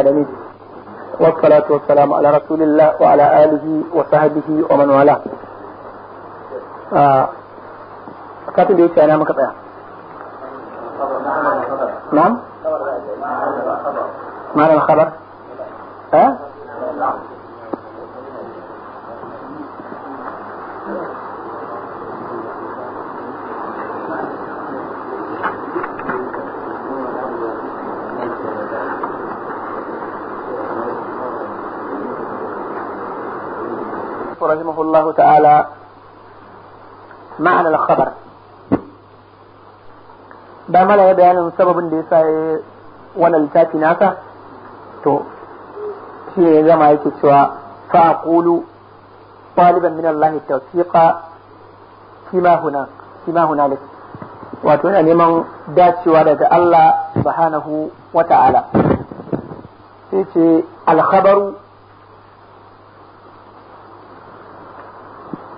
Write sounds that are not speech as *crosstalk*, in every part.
العالمين والصلاة والسلام على رسول الله وعلى آله وصحبه ومن والاه آه، كاتب da أنا ce ana maka tsaya na'am malam khabar رحمه الله تعالى معنى الخبر ba mala ya bayanin sababin da ya sa ya wani littafi nasa to shi ne zama yake cewa fa aqulu taliban min Allah tawfiqa fima huna fima hunalik wato yana neman dacewa daga Allah subhanahu wa ta'ala sai ce alkhabaru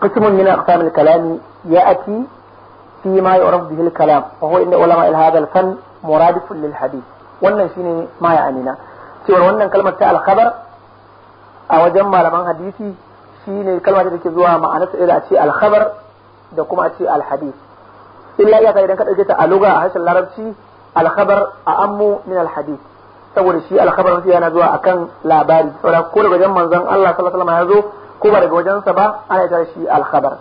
قسم من أقسام الكلام يأتي فيما يعرف به الكلام وهو إن علماء هذا الفن مرادف للحديث وأن شيني ما يعنينا سيور وأن كلمة تاء الخبر أو جمع لمن حديثي شيني كلمة تلك الزواء مع نفس إلا أتي الخبر دكما أتي الحديث إلا إذا كان يدنك أجيت ألغة أحسن لربشي الخبر أأم من الحديث سيور شي الخبر فيها نزواء أكن لا بارد ولا كل جمع زن الله صلى الله عليه وسلم ko ba daga wajensa ba ana yi shi alkhabar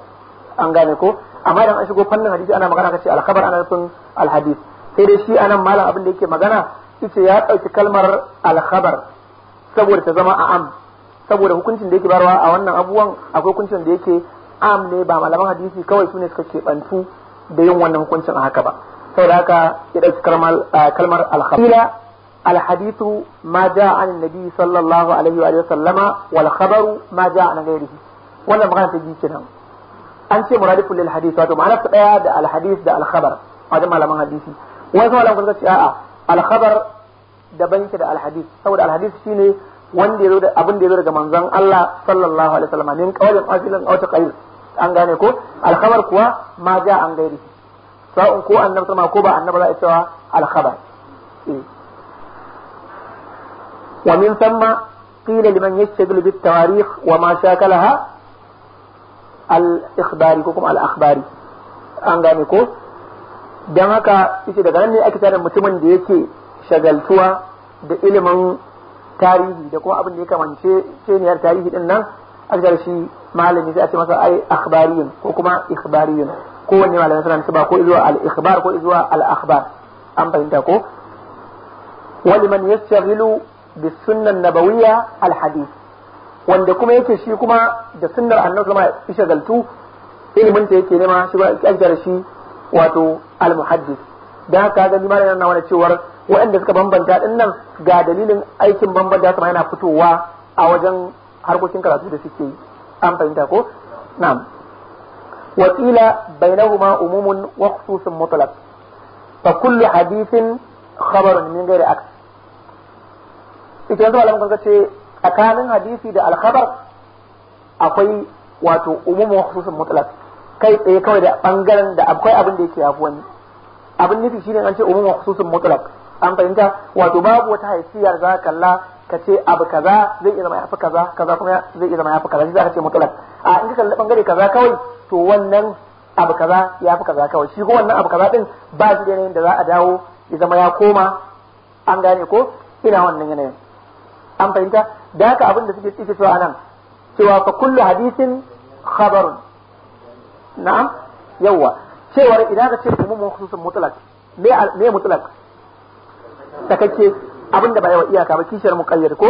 an gane ko amma idan an shigo fannin hadisi ana magana kace alkhabar ana nufin alhadis sai dai shi anan malam abin da yake magana yace ya ɗauki kalmar alkhabar saboda ta zama am saboda hukuncin da yake barwa a wannan abuwan akwai hukuncin da yake am ne ba malaman hadisi kawai su ne suka keɓantu da yin wannan hukuncin a haka ba saboda haka ya dauki eh, kalmar alkhabar الحديث ما جاء عن النبي صلى الله عليه وآله وسلم والخبر ما جاء عن غيره ولا مغانا تجيكنا أنت مرادف للحديث واتو معنى تقيا الحديث دا الخبر هذا ما لما حديثي وانسوا لما قلت شاء الخبر daban yake da alhadis saboda alhadis wanda ya zo da abin da ya zo daga manzon Allah sallallahu alaihi wasallam min qawlin ajilin aw taqrir an gane ko alkhabar kuwa ma ja an gairi sa'un ko annabi ko ba annabi za a cewa alkhabar ومن ثم قيل لمن يشتغل بالتواريخ وما شاكلها الإخباري كوكم الأخباري أنغاني كو don haka ita daga nan ne ake tare mutumin da yake shagaltuwa da ilimin tarihi da kuma abin da ya kamance ceniyar tarihi din nan aka tare shi malami sai a ce masa ai akhbariyun ko kuma ikhbariyun kowanne malamai suna nisba ko zuwa al-ikhbar ko zuwa al-akhbar an fahimta ko waliman yastaghilu bisunna nabawiyya alhadith wanda kuma yake shi kuma da sunnar annabi ma ya shagaltu ilimin ta yake nema shi ba ya shi wato almuhaddis da haka ga limanin yana wani cewar waɗanda suka bambanta din nan ga dalilin aikin bambanta sama yana fitowa a wajen harkokin karatu da suke an fahimta ko na'am wakila bainahuma umumun wa khususun mutlaq fa kullu hadithin khabarun min ghairi aks ita yanzu malamin kan ce tsakanin hadisi da alkhabar akwai wato umumin hususin mutlaq kai tsaye kawai da bangaren da akwai abin da yake yafi wani abin nufi shine an ce umumin hususin mutlaq an fahimta wato babu wata haifiyar za kalla ka ce abu kaza zai iya zama yafi kaza kaza kuma zai iya zama yafi kaza shi za ka ce mutlaq a in ka kalli bangare kaza kawai to wannan abu kaza ya fi kaza kawai shi ko wannan abu kaza din ba shi da yanayin da za a dawo ya zama ya koma an gane ko ina wannan yanayin an fahimta da haka abin da suke cike cewa nan cewa fa kullu hadisin khabarun na'am yawa cewar idan ka ce mu mun khususun mutlaq me me mutlaq sakakke abin da ba yawa iyaka ba kishiyar muqayyad ko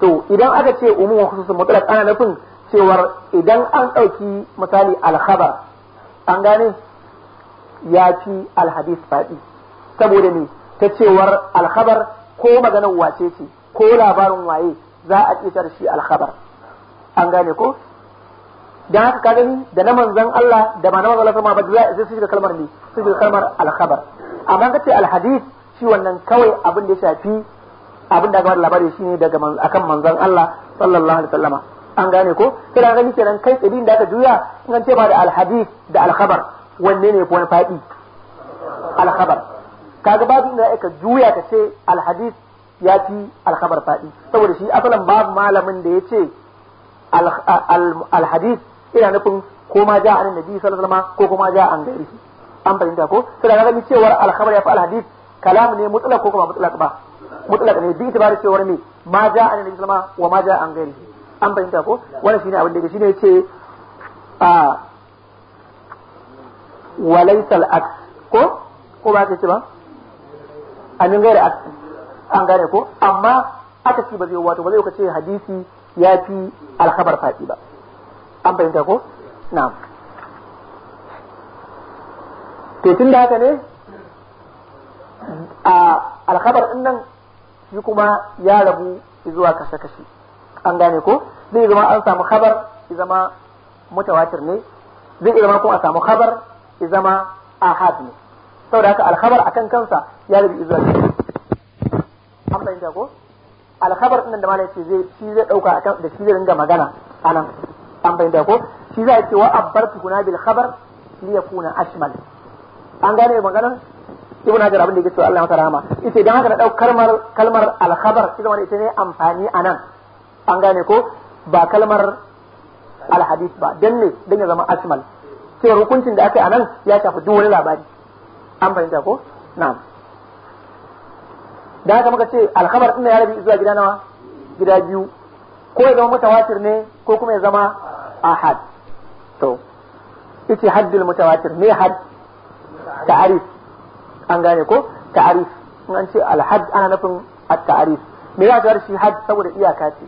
to idan aka ce umumin khususun mutlaq ana nufin cewar idan an dauki misali al-khabar an gane ya ci al-hadis fadi saboda ne ta cewar al-khabar ko maganar wace ce ko labarin waye za a ƙetar shi alkhabar an gane ko dan haka ka gani da na manzon Allah da ba na manzon Allah ba za su shiga kalmar ne su shiga kalmar alkhabar amma kace alhadith shi wannan kawai abin da ya shafi abin da aka labari shi ne daga akan manzon Allah sallallahu alaihi wasallama an gane ko kira gani kenan kai tsidin da aka juya in an ce ba da alhadith da alkhabar wanne ne ko wani fadi alkhabar kaga babu inda aka juya ka ce alhadith ya fi alkhabar faɗi saboda shi asalin babu malamin da ya ce alhadis ina nufin ko ma ja an nabi sallallahu alaihi ko kuma ja an gairi an fahimta ko sai da gani cewar alkhabar ya fi alhadis kalam ne mutlaq ko kuma mutlaq ba mutlaq ne bi itibar cewar ne ma ja an nabi sallallahu wa ma ja an gairi an fahimta ko wannan shine abin da shine yace a walaysal aks ko ko ba ta ce ba amin gari aks an gane ko amma aka ci ba zai wato ba zai ka ce hadisi ya fi alkhabar faɗi ba an fahimta ko na'am to tun da haka ne a alkhabar din nan shi kuma ya rabu zuwa kashe-kashe an gane ko zai zama an samu khabar ya zama mutawatir ne zai zama kuma a samu khabar ya zama ahad ne saboda haka alkhabar akan kansa ya rabu zuwa kashe an fahimta ko alkhabar din da malai ce zai shi zai dauka akan da shi zai ringa magana anan an fahimta ko shi zai ce wa abbartu kuna bil khabar li yakuna ashmal an gane maganar ibn hajar abin da yake cewa Allah mata rahama ita idan haka na dau kalmar kalmar alkhabar ita wanda ita ne amfani anan an gane ko ba kalmar alhadith ba dan ne dan ya zama ashmal cewa hukuncin da aka yi anan ya shafi duk wani labari an fahimta ko na'am da haka muka ce alkhabar din ya rabi zuwa gida nawa gida biyu ko ya zama mutawatir ne ko kuma ya zama ahad to ita haddul mutawatir me had ta'arif an gane ko ta'arif in an ce alhad ana nufin at-ta'arif me za ta shi had saboda iyaka ce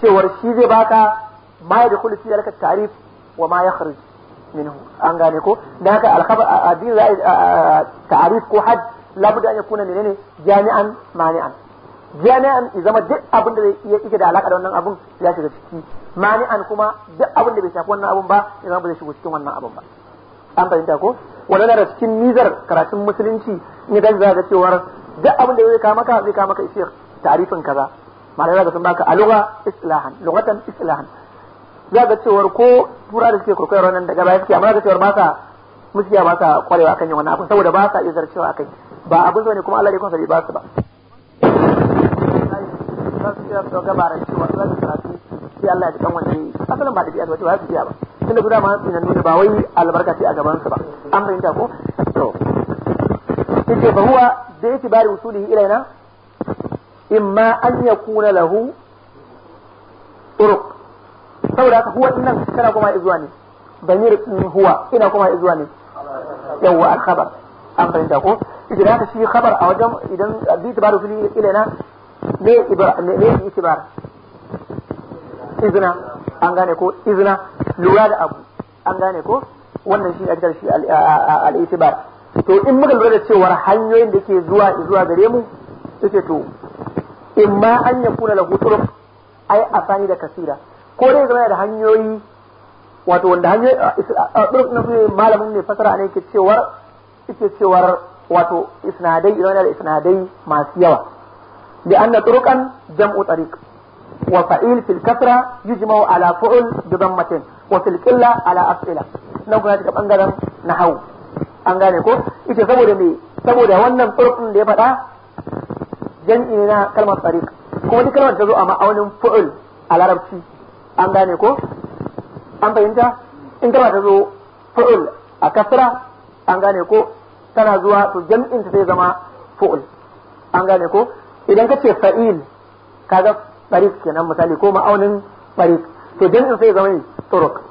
cewar shi zai baka ma ya dukulu fi alka ta'arif wa ma ya kharij minhu an gane ko da haka alkhabar addin ta'arif ko had labudda an kuna menene jami'an mani'an jami'an ya zama duk abin da ya yake da alaka da wannan abun ya shiga ciki mani'an kuma duk abin da bai shafi wannan abun ba ya zama ba zai shigo cikin wannan abun ba an fahimta ko wannan da cikin nizar karatun musulunci ne da za ga cewar duk abin da zai kama ka zai kama ka ishe tarifin kaza malai za san baka a lugha islahan lughatan islahan za ga cewar ko tura da suke kurkwai ranar daga baya suke amma za ga cewar ba sa musiya ba sa kwarewa akan yin wani abu saboda ba sa iya zarcewa kai. ba abin zo ne kuma Allah da kansa ba su ba za kira su Allah ya ji asalin ba da biya ba ba su biya ba tunda guda ma su nuna ba wai albarka a gaban su ba an ta ko to yace fa huwa da yake bari usulihi ilaina imma an kuna lahu uruq saboda haka huwa dinnan kana kuma izuwa ne damir huwa ina kuma izuwa ne yawwa al-khabar an fahimta ko idan ta shi khabar a wajen idan bi tibaru fili ilana me ibar me itibar izna an gane ko izna lura da abu an gane ko wannan shi ake shi al-itibar to in muka lura da cewar hanyoyin da ke zuwa zuwa gare mu yace to in ma an ya yakuna lahu turuq ai asani da kasira ko dai zama da hanyoyi wato wanda hanyoyi a turuq na malamin ne fasara ne ke cewar ita cewar wato isnadai idan da isnadai masu yawa an anna turuqan jam'u tariq wa fa'il fil kasra yujma'u ala fu'l bi dammatin wa fil qilla ala af'ila nan kuma daga bangaren nahwu an gane ko ita saboda me saboda wannan turuqin da ya faɗa jam'i ne na kalmar tariq kuma duk kalmar da zo a ma'aunin fu'l a larabci an gane ko an fahimta in kalmar ta zo fu'l a kasra an gane ko tana zuwa to jam'in ta sai zama fu'ul an gane ko idan ka ce fa'il kaga barik kenan misali ko ma'aunin barik to jam'in sai zama turuk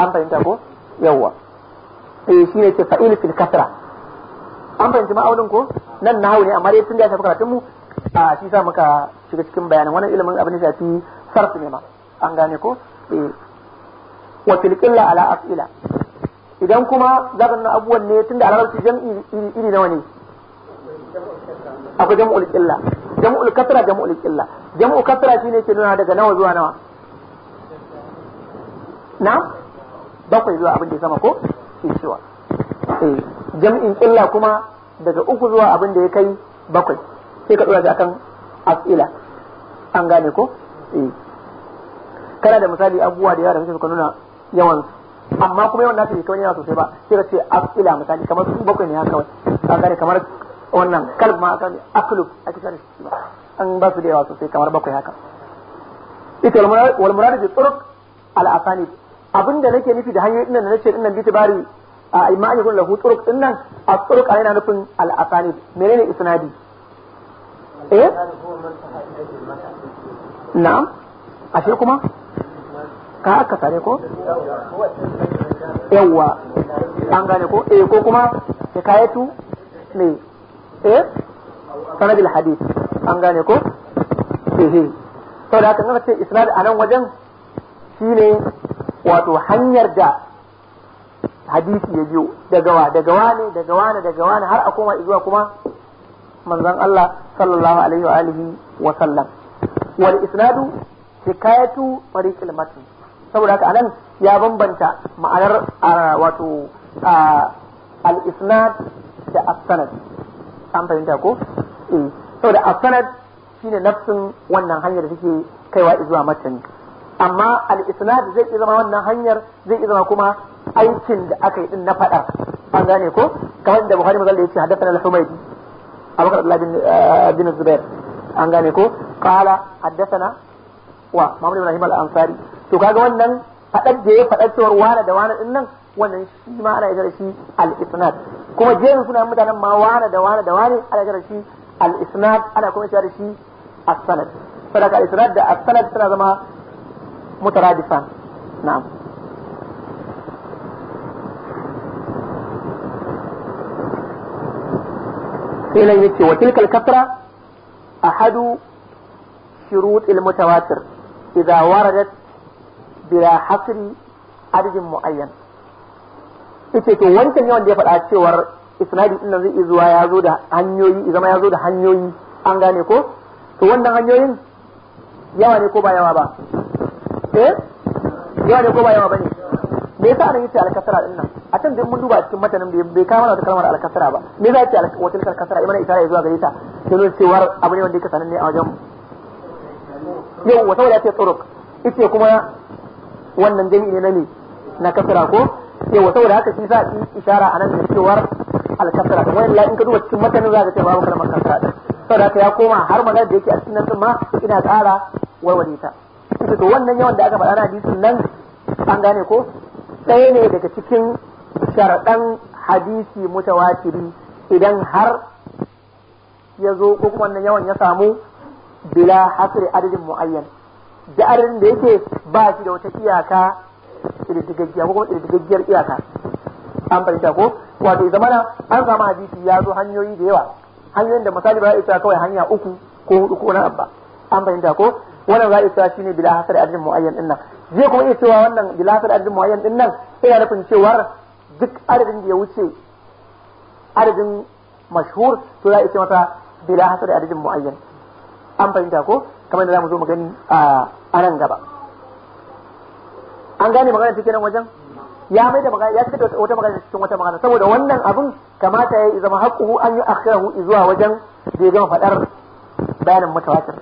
an fahimta ko yawwa eh shine ce fa'il fil kasra an fahimci ma'aunin ko nan nahawu ne amma dai tun da ya shafi karatun mu a shi sa muka shiga cikin bayanin wannan ilimin abin da shafi sarfi ne ma an gane ko eh wa tilqilla ala af'ila idan kuma za ka nuna abubuwan ne tunda a larabci jam'i iri nawa ne akwai jam'ul illa jam'ul kasra jam'ul illa jam'ul shi ne ke nuna daga nawa zuwa nawa na bakwai zuwa abin da ya sama ko ishiwa eh jam'in illa kuma daga uku zuwa abin da ya kai bakwai sai ka dora shi akan as'ila an gane ko eh kana da misali abubuwa da yawa da suka nuna yawansu. amma kuma yawan nasu bai kai yawa sosai ba sai ka ce akila misali kamar su bakwai ne haka ka gane kamar wannan kalb ma aka aklu ake sanin shi ba an ba su da yawa sosai kamar bakwai haka ita wal murad bi turuq al asanid abinda nake nufi da hanyoyin nan da nace dinnan bi tibari a imma an kun lahu turuq dinnan a turuq ana yana nufin al asanid menene isnadi eh na'am ashe kuma ka aka sare ko yawwa an gane ko eh ko kuma hikayatu me eh sanadil hadith an gane ko eh saboda haka kana ce isnad a nan wajen shine wato hanyar da hadisi ya biyo daga wa daga wani daga wani daga wani har a koma zuwa kuma manzon Allah sallallahu alaihi wa alihi wa sallam wal isnadu hikayatu tariqil matn saboda haka anan ya bambanta ma'anar wato al-isnad da as-sanad an fahimta ko eh saboda as-sanad shine nafsin wannan hanyar da take kaiwa zuwa matan amma al-isnad zai iya zama wannan hanyar zai iya zama kuma aikin da aka yi din na fada an gane ko kamar da Buhari mazalla yace hadathana al-Humaydi Abu Bakar bin eh, bin Zubair an gane ko qala hadathana wa Muhammad ibn Ibrahim al-Ansari to kaga wannan fadar da ya fadar cewar wane da wane din nan wannan shi ma ana yadda shi al-isnad kuma jerin suna mutanen ma wane da wane da wane ana yadda shi al-isnad ana kuma yadda shi as-sanad saboda al-isnad da as-sanad suna zama mutaradifan na'am sai nan yace wa tilkal kasra ahadu shurut al-mutawatir idza waradat bila hasri adadin muayyan Ita ce wancan yawan da ya faɗa cewar isnadi din zai iya zuwa ya zo da hanyoyi zama ya zo da hanyoyi an gane ko to wannan hanyoyin yawa ne ko ba yawa ba eh yawa ne ko ba yawa bane me yasa anan yace alkasara din nan a can dai mun duba cikin matanin da bai kama wata kalmar alkasara ba me yasa yace wata alkasara imana isara zuwa gare ta sai ne cewa abu ne wanda yake sananne a wajen yau wata wanda yace tsorok yace kuma wannan jami'i ne na ne na kasara ko yawa saboda haka shi sa ishara a nan da cewar al-kasra kuma in ka duba cikin matanin za ka ce babu kalmar kasra din saboda haka ya koma har magana da yake a cikin nan ma ina tsara warware ta to wannan yawan da aka faɗa na hadisin nan an gane ko ɗaya ne daga cikin sharaɗan hadisi mutawatiri idan har ya zo ko kuma wannan yawan ya samu bila hasri adadin mu'ayyana. da adadin da yake ba shi da wata iyaka ƙididdigaggiya ko kuma iyaka an fahimta ko wato zamana an samu hadisi ya zo hanyoyi da yawa hanyoyin da misali ba za a isa kawai hanya uku ko hudu ko na abba an fahimta ko wannan za a isa shine bila hasar adadin muayyan din nan zai kuma iya cewa wannan bila hasar adadin muayyan din nan nufin cewar duk adadin da ya wuce adadin mashhur to za a isa masa bila hasar adadin muayyan an fahimta ko kamar da za mu zo mu gani a nan gaba an gane magana cikin nan wajen ya mai da magana ya cika wata magana cikin wata magana saboda wannan abin kamata ya zama haƙuhu an yi akhirahu zuwa wajen da ya gama faɗar bayanin mutawatir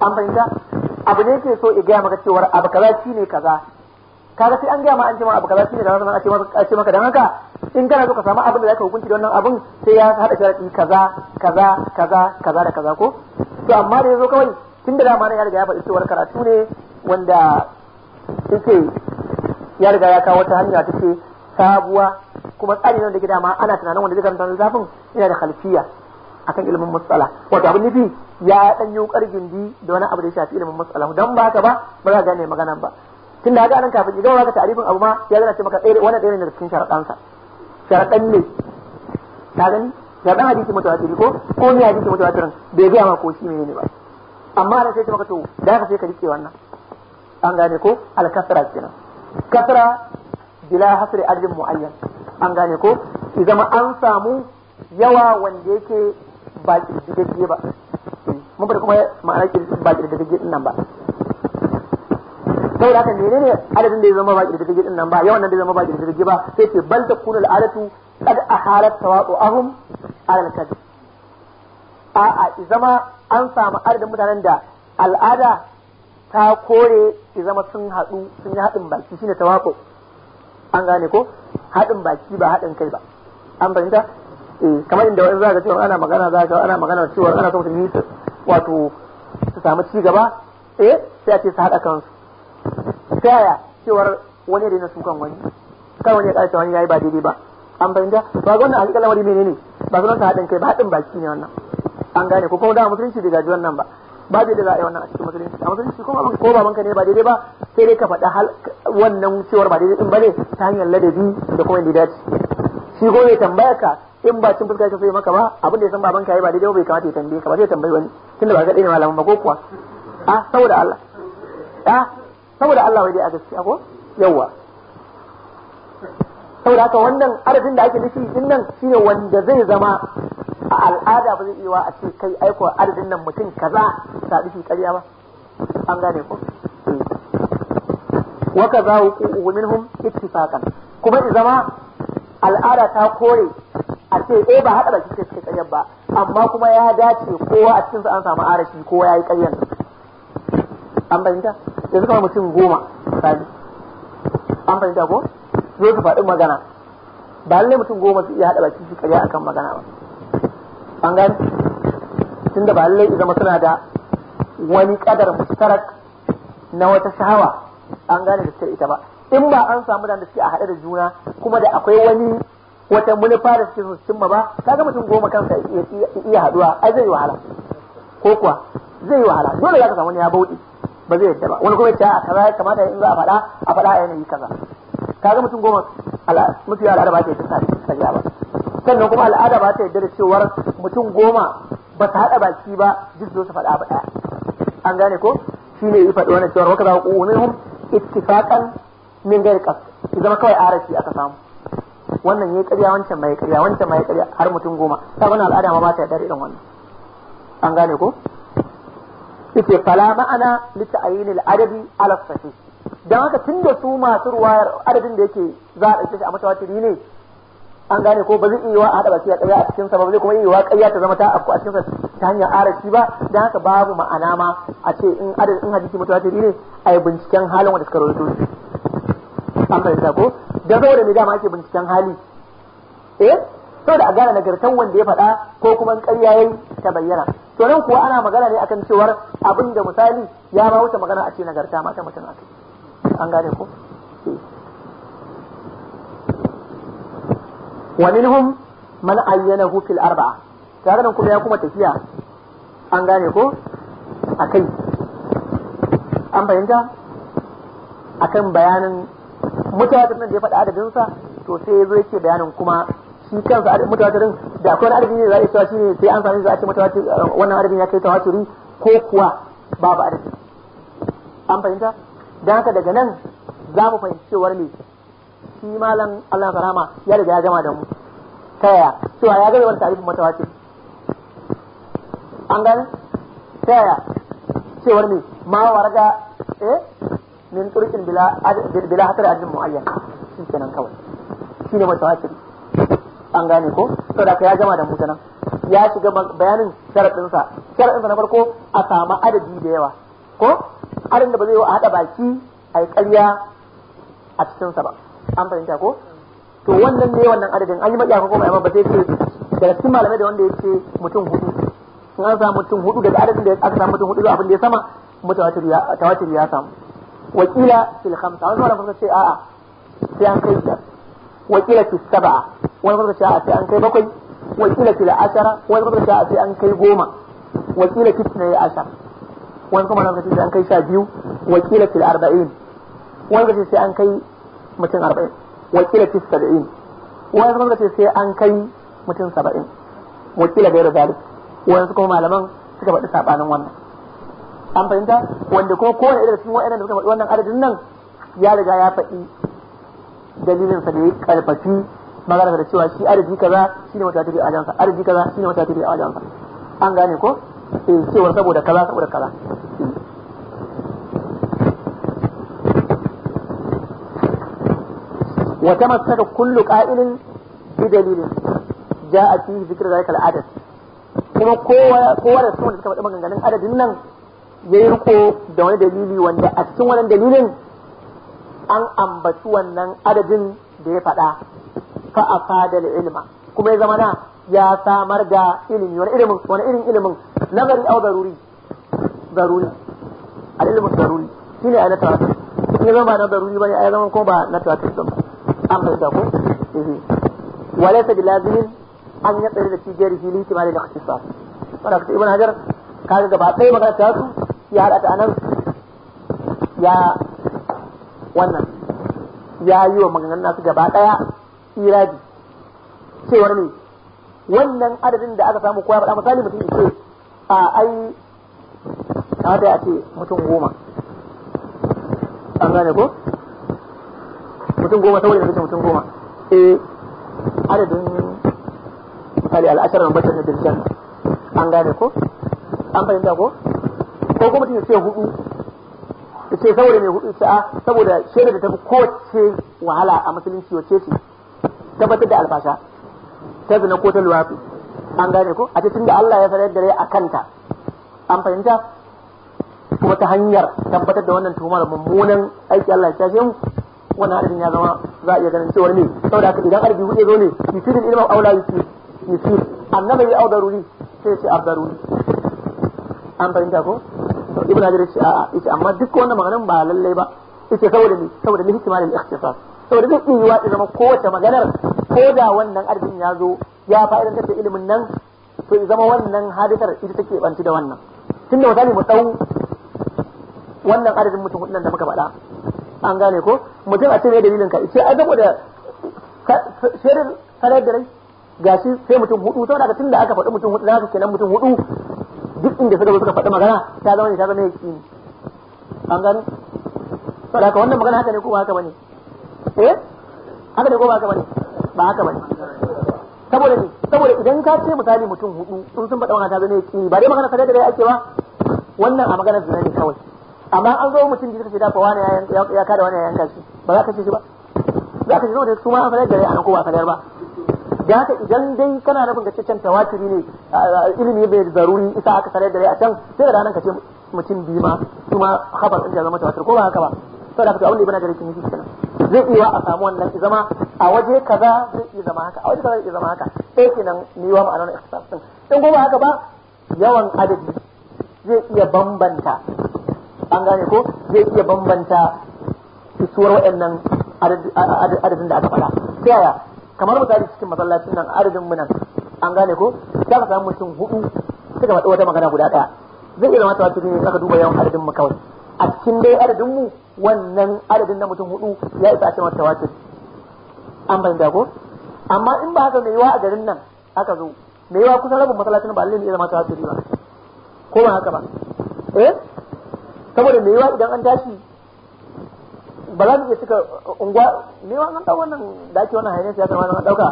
an fahimta abu ne ke so ya gaya maka cewar abu kaza shine kaza kaga sai an gaya ma an ce ma abu kaza shine kaza sannan a ce maka dan haka in kana zo ka samu abin da zaka hukunci da wannan abin sai ya hada sharadi kaza kaza kaza kaza da kaza ko to amma da yazo kawai tun da nan ya riga ya faɗi cewar karatu ne wanda yake ya riga ya kawo ta hanya ta ce sabuwa kuma tsari ne da gida ma ana tunanin wanda zai karanta zafin yana da khalfiya akan ilimin matsala wato abin nufi ya dan yi kargin di da wani abu da ya shafi ilimin matsala dan ba haka ba ba za ka gane magana ba tun da haka nan kafin idan ka ta'arifin abu ma ya zana ce maka wani ɗaya ne da cikin sharaɗansa sharaɗan ne ta gani sharaɗan hadisi mutawatir ko ko ne hadisi mutawatir bai gaya ma ko shi ne ne ba amma da sai ta maka to da ka sai ka rike wannan an gane ko al-kasra kenan kasra bila hasri adadin muayyan an gane ko zama an samu yawa wanda yake ba kirgigagge ba eh, mun ba kuma ma'ana ba kirgigagge din nan ba sai da menene adadin da ya zama da kirkirgi din nan ba yawan nan da ya zama da kirkirgi ba sai ce bal takunu al'adatu qad ahalat tawadu'ahum ala al-kadhib a a zama an samu adadin mutanen da al'ada ta kore ya zama sun haɗu sun yi haɗin baki shine tawako an gane ko haɗin baki ba haɗin kai ba an fahimta eh kamar inda wani zaka cewa ana magana zaka ana magana cewa ana so su wato su samu ci gaba eh sai a ce su haɗa kansu ta yaya cewar wani da na sukan wani kan wani ya ƙarfe wani ya yi ba daidai ba an da ba ga wannan alƙalan wani ne ba sunan ta haɗin kai ba haɗin baki ne wannan an gane ko kuma da musulunci bai gaji wannan ba ba daidai za a yi wannan a cikin musulunci a musulunci kuma ko ba babanka ne ba daidai ba sai dai ka faɗa wannan cewar ba daidai din ba ne ta hanyar ladabi da kuma yadda dace shi ko ya tambaya ka in ba cin fuska ya so maka ba abin da ya san babanka ya ba daidai ba bai kamata ya tambaye ka ba sai tambayi wani tunda ba ga ɗaya malamin ba ko kuwa a ah, saboda Allah a ah, saboda Allah wai dai a gaskiya ko yawa saboda haka wannan arafin da ake nufi din nan shine wanda zai zama a al'ada ba zai iya a ce kai aiko arafin nan mutum kaza ta ba an gane ko wa kaza hukuku minhum ittifaqan kuma in zama al'ada ta kore a ce eh ba haka ba kike kariya ba amma kuma ya dace kowa a cikin an samu arashi kowa yayi ƙaryan an fahimta yanzu kawai mutum goma misali an fahimta ko zo su faɗi magana ba lallai mutum goma su iya haɗa baki su karya akan magana ba an gani da ba lallai zama suna da wani kadar mustarak na wata shahawa an gane da ita ba in ba an samu da suke a haɗe da juna kuma da akwai wani wata manufa da suke cimma ba kaga mutum goma kansa iya haɗuwa ai zai yi wahala ko kuwa zai yi wahala dole za ka samu wani ya bauɗi ba zai yadda ba wani kuma ya a kaza ya kamata in za a faɗa a faɗa a yanayi kaza kaga mutum goma mutum ya al'ada ba ta yadda ta ba sannan kuma al'ada ba ta yadda da cewar mutum goma ba ta haɗa baki ba duk zo su faɗa ba ɗaya an gane ko shi ne yi faɗi wannan cewar waka za ku minhum ittifaqan min ghairi ya zama kawai arashi aka samu wannan yayi ƙarya wancan mai ƙarya wancan mai ƙarya har mutum goma ta wannan al'ada ma ba ta yadda irin wannan an gane ko suke fala ma'ana li ta'yin al-adabi ala sahih dan haka tunda su masu ruwayar adadin da yake za a dace a mutawatiri ne an gane ko ba zai iya a hada baki a ƙarya a cikin sa ba zai kuma iya wa ƙarya ta zama ta afku a cikin sa ta hanyar arashi ba dan haka babu ma'ana ma a ce in adadin in hadisi mutawatiri ne ai binciken halin wanda suka rawaito shi an fahimta ko dan saboda me dama ake binciken hali eh saboda a gane nagartan wanda ya faɗa ko kuma ƙarya yayi ta bayyana to nan kuwa ana magana ne akan cewar abin da misali ya ba wuce magana a ce nagarta ma ta mutum akai an gane ko wa minhum man ayyanahu fil arba'a tare da kuma ya kuma tafiya an gane ko akai an fahimta akan bayanin mutawatirin da ya faɗi adadinsa to sai ya zo yake bayanin kuma shi kansa mutawatirin da akwai adadi ne za a cewa shine sai an sami za a ce mata wannan adadin ya kai tawaturi ko kuwa babu adadi an fahimta don haka daga nan za mu fahimci cewar me shi malam Allah karama ya riga ya gama da mu ta yaya cewa ya gama wani tarifin mata an gane ta yaya cewar me ma warga eh min turkin bila bila hatar ajin muayyan shi kenan kawai shine wacce. an gane ko to da ya gama da mu nan ya shiga bayanin sharadin sa sharadin sa na farko a samu adadi da yawa ko adadin da ba zai yi a hada baki a yi ƙarya a cikin sa ba an fahimta ko to wannan ne wannan adadin an yi maki ko mai ba zai ce daga cikin malamai da wanda yake mutum hudu in an samu mutum hudu daga adadin da aka samu mutum hudu abin da ya sama mutawatir ya tawatir ya samu wakila fil khamsa wannan malamai sun ce a'a sai an kai biyar wakila fil sab'a wani lokaci a sai an kai bakwai wakila kila ashara wani lokaci a sai an kai goma wakila na ya ashar wani kuma lokaci sai an kai sha biyu wakila kila arba'in wani da sai an kai mutum arba'in wakila kila saba'in wani da sai an kai mutum saba'in wakila gairu zalik wani kuma malaman suka faɗi saɓanin wannan an fahimta wanda kuma kowane irin cikin wa'annan da suka faɗi wannan adadin nan ya riga ya faɗi dalilinsa sa da ya karfafi magana da cewa shi arziki kaza shine wata tare a wajensa arziki kaza shine wata tare a wajensa an gane ko eh cewar saboda kaza saboda kaza وتمسك كل قائل بدليل جاء فيه ذكر ذلك العدد kuma kowa kowa da sunan da suka faɗi maganganun adadin nan ya yi riko da wani dalili wanda a cikin wannan dalilin an ambaci wannan adadin da ya faɗa fa afada ilma kuma ya zama na ya samar da ilimi wani ilimin wani irin ilimin nazari au daruri daruri al ilmin daruri shine a na tawassul in ya zama na daruri bane a zaman zama kuma ba na tawassul ba an bai da ko walaysa bil lazim an ya tsare da shi jeri fili kimanin da kasisa fara ka ibn hajar ga gaba ɗaya magana ta su ya hada ta nan ya wannan ya yi wa maganganun nasu gaba ɗaya iraji cewar ne wannan adadin da aka samu kowa faɗa misali mutum ce a ai kamata ya ce mutum goma an gane ko mutum goma saboda mutum mutum goma eh adadin misali al'ashar nan bacin na an gane ko an fahimta ko ko kuma mutum ya ce hudu ya ce saboda mai hudu ya ce a saboda shaida da tafi kowace wahala a musulunci wacce ce tabbatar da alfasha ta zina ko ta luwafi an gane ko a cikin da Allah ya sanar da rai a kanta an fahimta kuma ta hanyar tabbatar da wannan tumar mummunan aiki Allah ya tashi mu wannan adadin ya zama za a iya ganin cewar ne saboda haka idan arbi hudu ya zo ne yusirin ilmin aula yusir annabi ya ruri sai ce ruri an fahimta ko ibn hajar ya ce a'a yace amma duk wannan maganin ba lallai ba yace saboda ne saboda ne hikima da ikhtisas saboda zai iya yiwa zama kowace maganar ko da wannan arzikin ya zo ya fa'idantar da ilimin nan to ya zama wannan hadisar ita take bantu da wannan tunda wata mu dau wannan adadin mutum hudun da muka faɗa an gane ko mutum a ce mai dalilin ka ce ai da shirin sanar da rai gashi sai mutum hudu saboda ka tunda aka faɗi mutum hudu na kenan mutum hudu duk inda suka suka faɗi magana ta zama ne ta zama ne an gane saboda ka wannan magana haka ne ko haka ba ne. eh haka ne ko ba haka bane ba haka bane saboda ne saboda idan ka ce misali mutum hudu sun sun faɗa wannan ta zama ki ba dai magana sadaka da ake ba wannan a maganar zina ne kawai amma an zo mutum da kace da fa wani ya ya kada wani ya yanka shi ba za ka ce shi ba za ka ce da su ma an faɗa da an ko ba faɗa ba da haka idan dai kana nufin ka ce can tawatiri ne ilimi bai da zaruri isa aka sanar da rai a can sai da ranar ka ce mutum biyu ma su ma haɓar ɗin da zama tawatir ko ba haka ba Sau da haka abin da ibana da rikin yake kenan zai iya a samu wannan zama a waje kaza zai iya zama haka a waje kaza zai iya zama haka sai nan ni wa na ihsas din in ba haka ba yawan adadi zai iya bambanta an gane ko zai iya bambanta fituwar waɗannan adadin da aka faɗa ta yaya kamar misali cikin masallacin nan adadin mu nan an gane ko za ka samu mutum hudu suka faɗi wata magana guda ɗaya zai iya zama ta wata ne ka duba yawan adadin mu kawai a cikin dai adadin mu wannan adadin na mutum hudu ya isa a cewa tawatur an bayan ko amma in ba haka mai yiwa a garin nan aka zo mai yiwa kusan rabin masallacin ba lalle ne zama tawaturi ba ko ba haka ba eh saboda mai yiwa idan an tashi ba za mu iya cika uh, unguwa mai yiwa an dauka wannan da ake wannan hayaniyar siyasa ma an dauka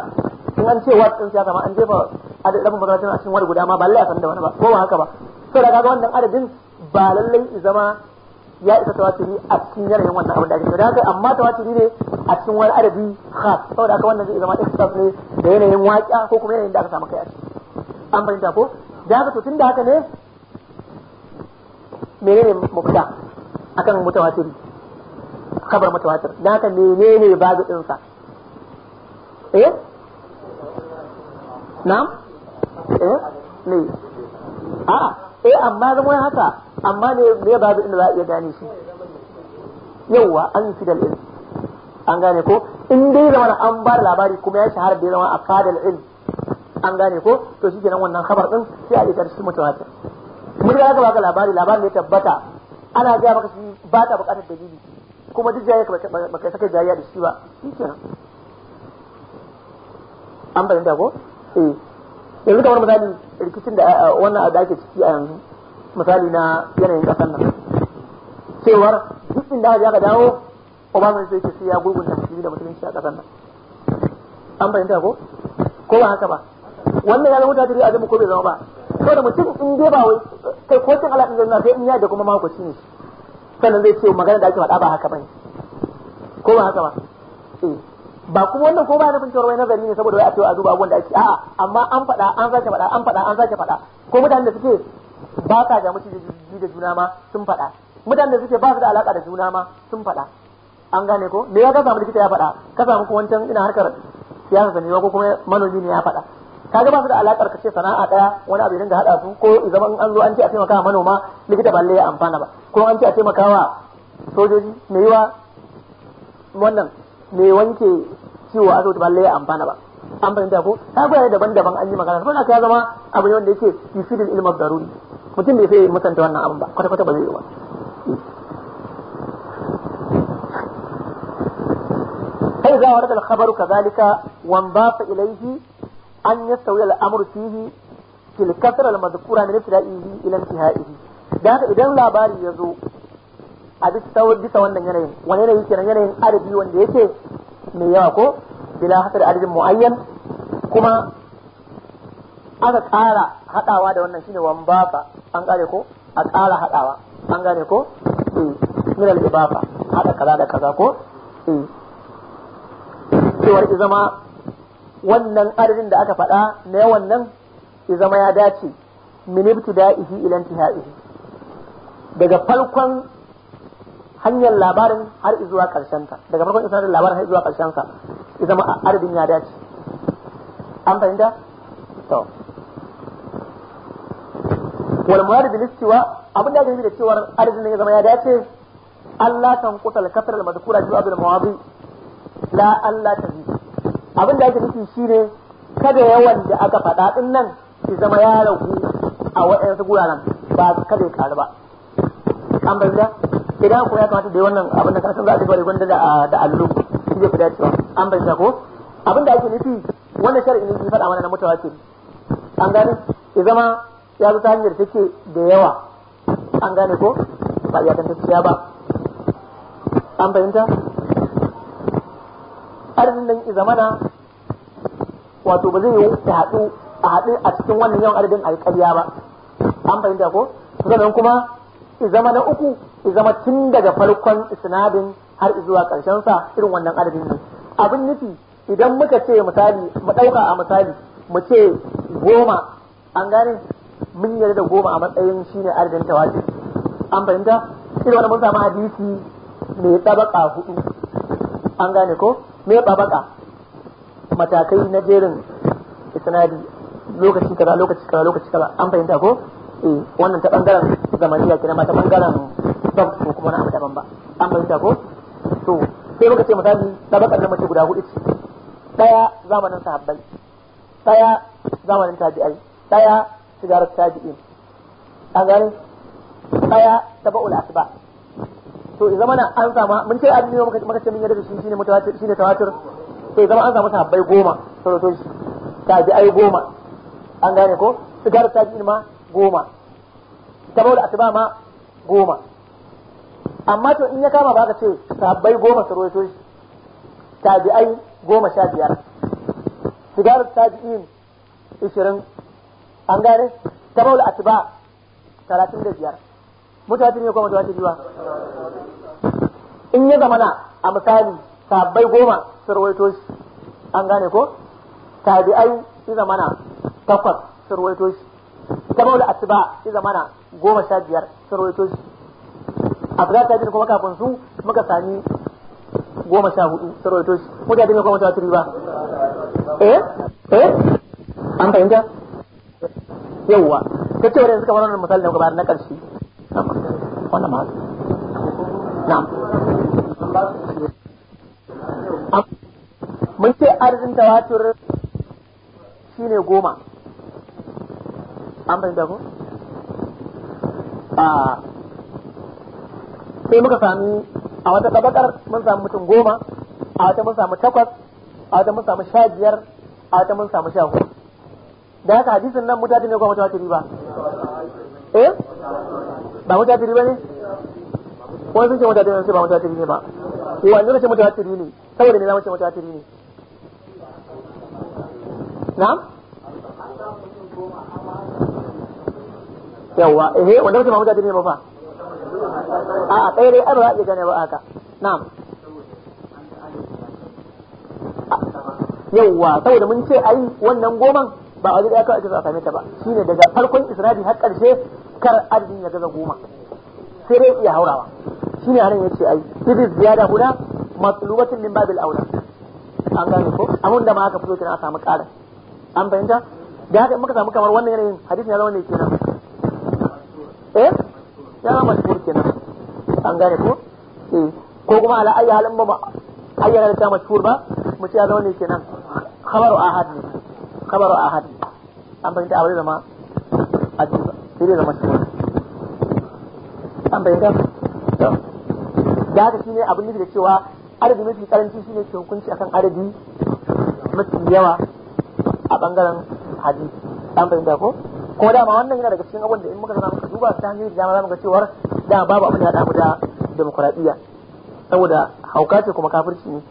in an ce wat din siyasa ma an jefa adadin masallacin a cikin wani guda ma ba lalle a san da wani ba ko ba haka ba saboda kaga wannan adadin ba lallai zama ya isa tawaturi a cikin yanayin wannan abin da ake da haka amma tawaturi ne a cikin wani adadi ha saboda haka wannan zai zama ikhtisas ne da yanayin waƙa ko kuma yanayin da aka samu kai a ciki an fahimta ko da haka to tunda haka ne menene mufta akan mutawatiri kabar mutawatir da haka menene bazu din sa eh na'am eh ne a eh amma zama haka amma ne me babu inda za a iya gane shi yauwa an fi da ilm an gane ko in dai zama an ba da labari kuma ya shahara da ya zama a fadal ilm an gane ko to shi kenan wannan khabar din sai a iya shi mutawatir mun ga aka baka labari labarin ya tabbata ana ga maka shi ba ta bukatar dalili kuma duk ba kai saka jayya da shi ba shi kenan an bayyana ko eh yanzu kamar misali rikicin da wannan da ake ciki a yanzu misali na yanayin kasan nan cewar duk inda aka ka dawo obama zai ce sai ya gurgunta shi da musulunci a kasan nan an bayyana ko ko ba haka ba wannan ya zama tajiri a ko bai zama ba ko da mutum in dai ba wai kai ko cin alaƙin zanna sai in ya da kuma makoci ne sannan zai ce magana da ake faɗa ba haka bane ko ba haka ba eh. ba kuma wannan ko ba na fincewar wai nazari ne saboda wai a cewa a duba abubuwan da ake a'a amma an faɗa an sake faɗa an faɗa an sake faɗa ko mutanen da suke ba sa da mutunci da juna ma sun faɗa mutanen da suke ba su da alaka da juna ma sun faɗa an gane ko me ya ka samu likita ya faɗa ka samu kuma wancan ina harkar siyasa ne ko kuma manomi ne ya faɗa ga ba su da alakar ka ce sana'a daya wani abu dinga hada su ko zama in an zo an ce a taimaka wa manoma likita balle ya amfana ba ko an ce a taimaka wa sojoji me yiwa wannan me wanke ciwo a zo balle ya amfana ba an fahimta ko ta gwaya daban-daban an yi magana saboda ka zama abu ne wanda yake yusidul ilmar daruri mutum bai sai musanta wannan abin ba kwata-kwata ba zai yi ba kai za a wa radar khabaru zalika wan ba fa ilaihi an yastawi al-amru fihi fil kasr al-madhkura min ibtida'ihi ila intihaihi da haka idan labari ya zo a bisa wannan yanayin wani yanayi kenan yanayin arabi wanda yake mai yawa ko bila hasar adadin muayyan kuma aka ƙara haɗawa da wannan shine wambafa an gane ko a ƙara haɗawa an gane ko eh min al-ibafa haɗa kaza da kaza ko eh cewar izama wannan adadin da aka faɗa na yawan nan izama ya dace min ibtida'ihi ila intihaihi daga farkon hanyar labarin har zuwa karshen ta daga farkon isa da labarin har zuwa karshen sa ya zama adadin ya dace an fahimta to wal murad bil istiwa abin da gani da cewar adadin ya zama ya dace Allah kan da kasar al madkura fi abdul mawadi la Allah ta tazi abin da yake nufi shine kada yawan da aka faɗa din nan ya zama ya ragu a waɗansu guraren ba kada ya karu ba an bayyana idan ku ya kamata da wannan abin da kasan za a gare gwanda da da allu shi zai fi dacewa an bai ko abin da ake nufi wannan shar'i ne shi faɗa mana na mutawa ce an gane ya zama ya zo ta hanyar take da yawa an gane ko ba ya tantance ba an bayyanta da nan zama na wato ba zai yi ta haɗu a haɗu a cikin wannan yawan adadin a yi ƙarya ba an fahimta ko sannan kuma zama na uku zama tun daga farkon isnadin har zuwa karshen sa irin wannan adadin ne abin nufi idan muka ce misali mu dauka a misali mu ce goma an gane mun yarda da goma a matsayin shine adadin tawatir an fahimta irin wannan mun samu hadisi mai tabaka hudu an gane ko me tabaka matakai na jerin isnadi lokaci kaza lokaci kaza lokaci kaza an fahimta ko Eh, wannan ta bangaren zamaniya kenan ma ta bangaren soft ko kuma na abu daban ba an bayyana ko to sai muka ce misali tabakar na mace guda hudu ce daya zamanin sahabbai daya zamanin tabi'ai daya sigarar tabi'in an gane daya tabaul asba to idan na an sama mun ce an nemo muka ce mun yarda da shi shine mutawatir shine tawatir to zama an samu sahabbai goma to to shi tabi'ai goma an gane ko sigarar tabi'in ma goma saboda asuba ma goma amma to in ya kama ba ka ce sahabbai goma su roto shi tabi'ai goma sha biyar sigar tabi'in ishirin an gane ta a asuba talatin da biyar mutawatir ne ko mutawatir ba in ya zamana a misali sahabbai goma su roto shi an gane ko tabi'ai shi zamana takwas su roto shi jama'ul asba shi zamana goma sha biyar sun rawaito shi yi ta kuma kafin su muka sami goma sha hudu sun rawaito shi muka dinga kuma ta ba eh eh an fahimta yawwa ta ce wadanda suka wani misali da gabar na karshe wannan ma na'am mun ce arzikin tawatur shine goma an fahimta ko sai muka sami a wata tabakar mun samu mutum goma a wata mun samu takwas a wata mun samu sha biyar a wata mun samu sha hudu da haka hadisin nan mutane ne kuma mutawatiri ba eh ba mutawatiri ba ne wani sun ce mutawatiri ne ba mutawatiri ne ba wani sun ce mutawatiri ne saboda ne za mu ce mutawatiri ne na'am yawwa eh wanda mutum Muhammad ne ba fa a ɗaya dai arwa ya gane ba haka na'am yawwa saboda mun ce ai wannan goman ba a ya kawai ake a same ta ba shine daga farkon isra'i har karshe kar adadin ya gaza goma sai dai iya haurawa shine harin yace ai idis ziyada guda matlubatin min babil aula an gane ko amun da ma aka fito kina a samu ƙarin an fahimta da haka muka samu kamar wannan yanayin hadisin ya zama ne kenan eh ya zama mashhur kenan an gane ko eh ko kuma ala ayi halin ba ayyana da ta mashhur ba mu ce ya zama ne kenan khabaru ahad ne khabaru ahad an bayyana abu zama ajiba sai dai zama mashhur an bayyana to da haka shine abin nufi da cewa adadi mafi karanci shine ke hukunci akan adadi mafi yawa a bangaren hadisi an bayyana ko kuma dama wannan yana daga cikin abin da in muka zama muka duba ta hanyoyi da dama za mu ga cewar da babu abin da ya damu da demokuraɗiyya saboda hauka ce kuma kafirci ne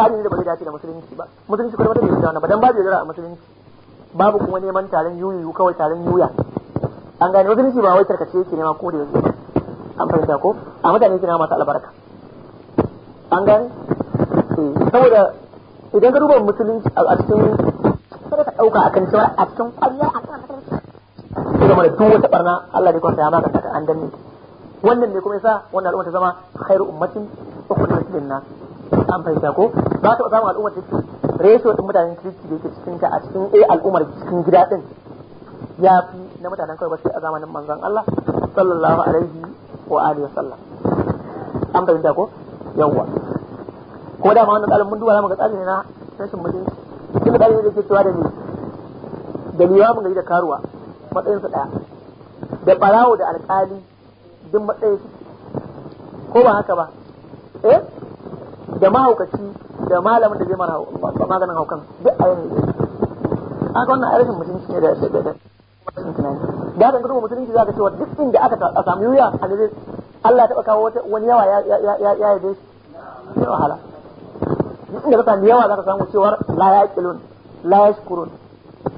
adini da ba zai dace da musulunci ba musulunci kuma da bai da wannan ba dan babu yadda a musulunci babu kuma neman taron yuyu kawai taron yuya an gane musulunci ba wai tarkace yake nema ko da yake an fahimta ko a mutane yake nema masu albarka an gane eh, saboda idan ka duba musulunci a cikin sai ka dauka akan cewa a cikin kwariya a cikin ya zama da duk wata barna Allah bai kwanta ya maka ta an danne wannan ne kuma yasa wannan al'umma ta zama khairu ummatin ukhrijat lin nas an fahimta ko ba ta samu al'ummar da ratio din mutanen kirki da yake cikin ta a cikin eh al'ummar cikin gida din ya fi na mutanen kawai ba sai a zamanin manzon Allah sallallahu alaihi wa alihi wasallam an fahimta ko yawwa ko da ma wannan tsarin mun duba zamu ga tsari ne na rashin mutunci kuma da da yake cewa da ni da liwa mun gari da karuwa matsayinsu ɗaya da ɓarawo da alƙali duk matsayinsu ko ba haka ba eh da mahaukaci da malamin da zai mara maganin haukan duk a yanayi haka wannan arishin mutunci ne da da da da haka kuma mutunci za ka cewa duk inda aka samu yuya a gare Allah taɓa kawo wani yawa ya yabe shi ya wahala duk inda ka samu yawa za ka samu cewar la yaqilun la ya yashkurun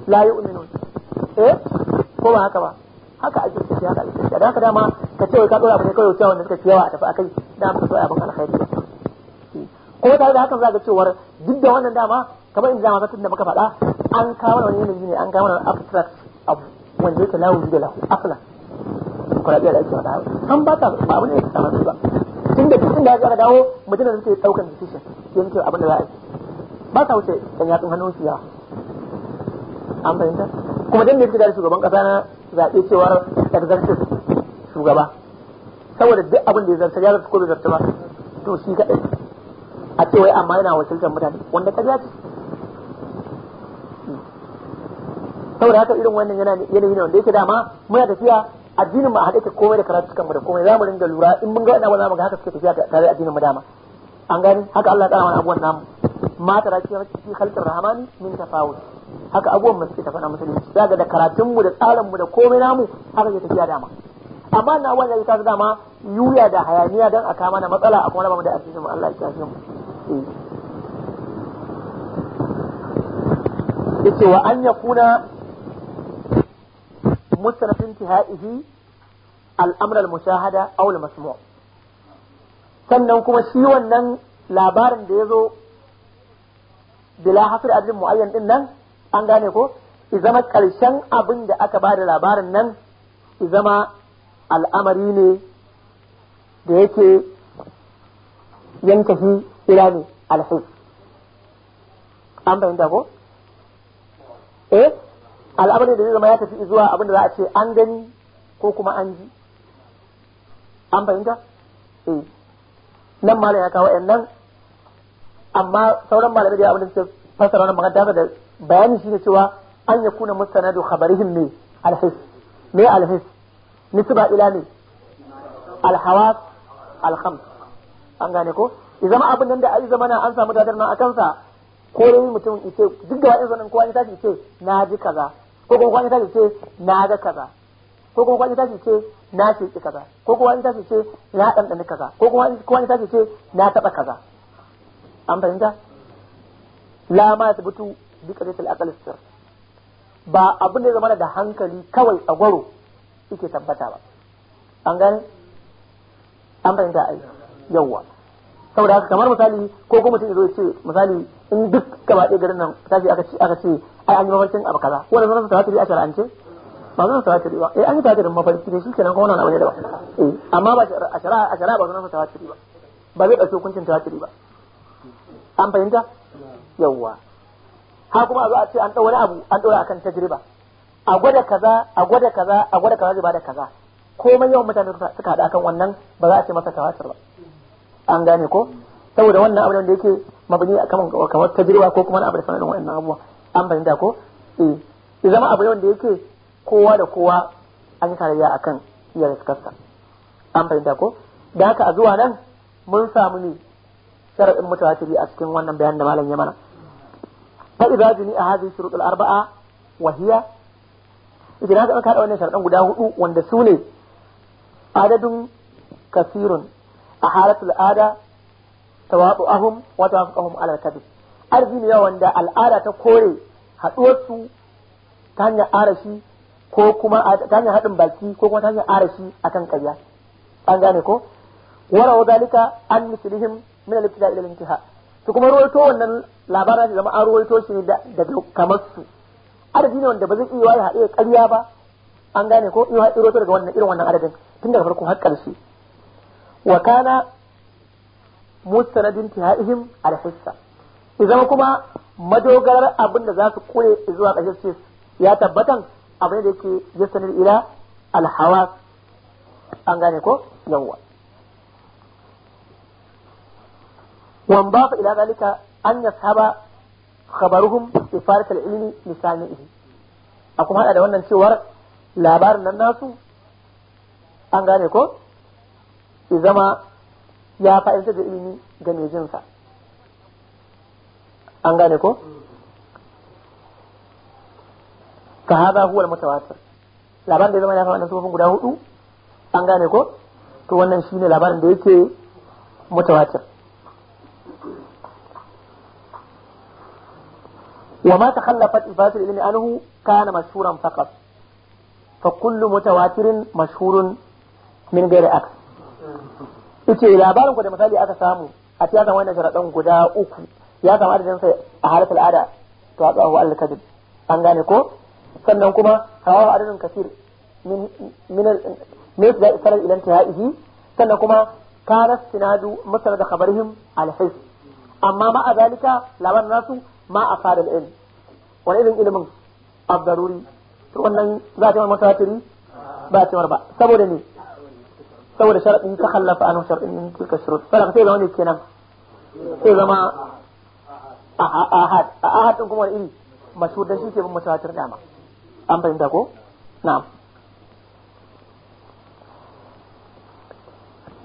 la ya yu'minun eh ko ba haka ba haka ake kace haka ake kace da haka dama ka ce ka dora ba sai kawai cewa suka ciyawa a tafi akai da muka so abin alkhairi kuma tare da haka za ka cewar duk da wannan dama kamar in dama tun da muka faɗa an kawo wani yanayi ne an kawo wani abstract abu wanda yake lawo da lawo afla kurabiya da ake faɗa an ba ta ba abu ne ya samu ba tun da tun da ya dawo mutum da suke ɗaukan decision yankin abin da za a yi ba ta wuce ɗan yatsun hannun su an fahimta kuma dan da suka da shugaban kasa na zaɓe cewar executive shugaba saboda duk abin da ya zarta ya zarta ko bai zarta ba to shi kaɗai a ce wai amma yana wakiltar mutane wanda ƙarya ce saboda haka irin wannan yana yanayi ne wanda yake dama muna tafiya addinin mu a haɗe komai da karatu kanmu da komai za mu ringa lura in mun ga wannan za mu ga haka suke tafiya tare addinin mu dama an gani haka Allah ya tsara mana abuwan namu ma tara fi halittar rahmani min tafawut haka abubuwan mu suke tafana musulunci ga da karatun mu da tsarin mu da komai namu haka ke tafiya dama amma na wanda ya tafi dama yuya da hayaniya dan a kama na matsala a kuma mu da asirin mu Allah ya kiyaye mu eh. yace wa an yakuna مستند انتهائه الامر المشاهده او المسموع sannan kuma shi wannan labarin da ya zo bila hasir ajin mu'ayyan din nan an gane ko zama ƙarshen abin da aka ba da labarin nan zama al'amari ne da yake yankahi ila ne alhis an fahimta ko eh al'amari da zai zama ya tafi zuwa abin da za a ce an gani ko kuma an ji an fahimta eh nan malam ya kawo nan amma sauran malamai da abin da suke fassara wannan magana da bayani shine cewa an mutane da khabarihim ne alhis me alhis nisba ila ne alhawas alkhams an gane ko idan ma abin nan da ai zamana an samu dadar nan akan sa ko dai mutum yace duk da wani zanen kowa ya tashi yace na ji kaza ko kuma kowa ya tashi yace na ga kaza ko kuma kwani tashi ce na ce kaza ko kuma kwani tashi ce na ɗanɗani kaza ko kuma kwani tashi ce na taɓa kaza an fahimta la ma ya bi qadatil aqal sir ba abin da zama da hankali kawai tsagwaro yake tabbata ba an gane an fahimta ai yawa saboda haka kamar misali ko kuma mutum zo ce misali in duk gaba ɗaya garin nan ta ce aka ce aka ce ai an yi mafarkin abu kaza zan sa tawatiri a ce ba sa tawatiri ba eh an yi tawatirin mafarki ne shikenan kuma wannan abu ne da ba eh amma ba a shari'a a shari'a ba sa tawatiri ba ba zai ɗauki hukuncin tawatiri ba an fahimta yawwa ha kuma a zo a ce an ɗau wani abu an ɗora akan tajriba a gwada kaza a gwada kaza a gwada kaza zai bada kaza komai yawan mutane suka haɗu akan wannan ba za a ce masa tawatur ba an gane ko saboda wannan abin da yake mabani akan kamar tajriba ko kuma abu da sanarwa da wannan abubuwa an fahimta ko eh zama abu yawan da yake kowa da kowa an yi tarayya akan iya riskarsa an fahimta ko da haka a zuwa nan mun samu ne sharaɗin mutawatiri a cikin wannan bayan da malam ya mana fa idza juni a hadhihi shurut al arba'a wa hiya idan haka aka hada wannan sharadan guda hudu wanda su ne adadun kasirun a halatul ada tawadu'ahum wa tawafuqahum ala kadhib arzi ne wanda al'ada ta kore haduwar su ta hanyar arashi ko kuma ta hanyar haɗin baki ko kuma ta hanyar arashi akan karya. an gane ko warawa zalika an mislihim min al-ibtida ila al su kuma ruwaito wannan labaran shi zama an ruwaito shi ne daga kamar su adadi ne wanda ba zai iya ya haɗe ƙarya ba an gane ko iya haɗe ruwaito daga wannan irin wannan adadin tun daga farkon har ƙarshe wa kana mustanadin tihaihim al hissa zama kuma madogarar abin da za su kure zuwa ƙarshe ce ya tabbatan abin da yake yastanir ila al hawas an gane ko yawwa وانضاف إلى ذلك أن يصحب خبرهم سفارة العلم لسانئه أقوم هذا دوانا شوار labarin nan nasu an gane ko ya zama ya fa'idantar da ilimi ga mai jinsa an gane ko ka haza huwal mutawatir labarin da ya zama ya fa'idantar sufofin guda hudu an gane ko to wannan shine labarin da yake mutawatir وما تخلفت إفادة العلم عنه كان مشهورا فقط فكل متواتر مشهور من غير أكس ita labarin ku da misali aka samu a ta zama wannan sharaɗan guda uku ya zama adadin sa a halat al'ada to aka wa Allah kadib an gane ko sannan kuma hawa adadin kasir min min min da isar ila intihaihi sannan kuma kana sinadu musnad khabarihim al-his amma ma a zalika labarin nasu ma a fadar ilm wani irin ilimin abdaruri to wannan za ta yi masa hatiri ba ta ba saboda ne saboda sharaɗin ta hallafa anu sharaɗin tilka shurut saboda sai zama ne kenan sai zama ahad a ahad din kuma wani iri mashhur dan shi ke bin mutawatir dama an fahimta ko na'am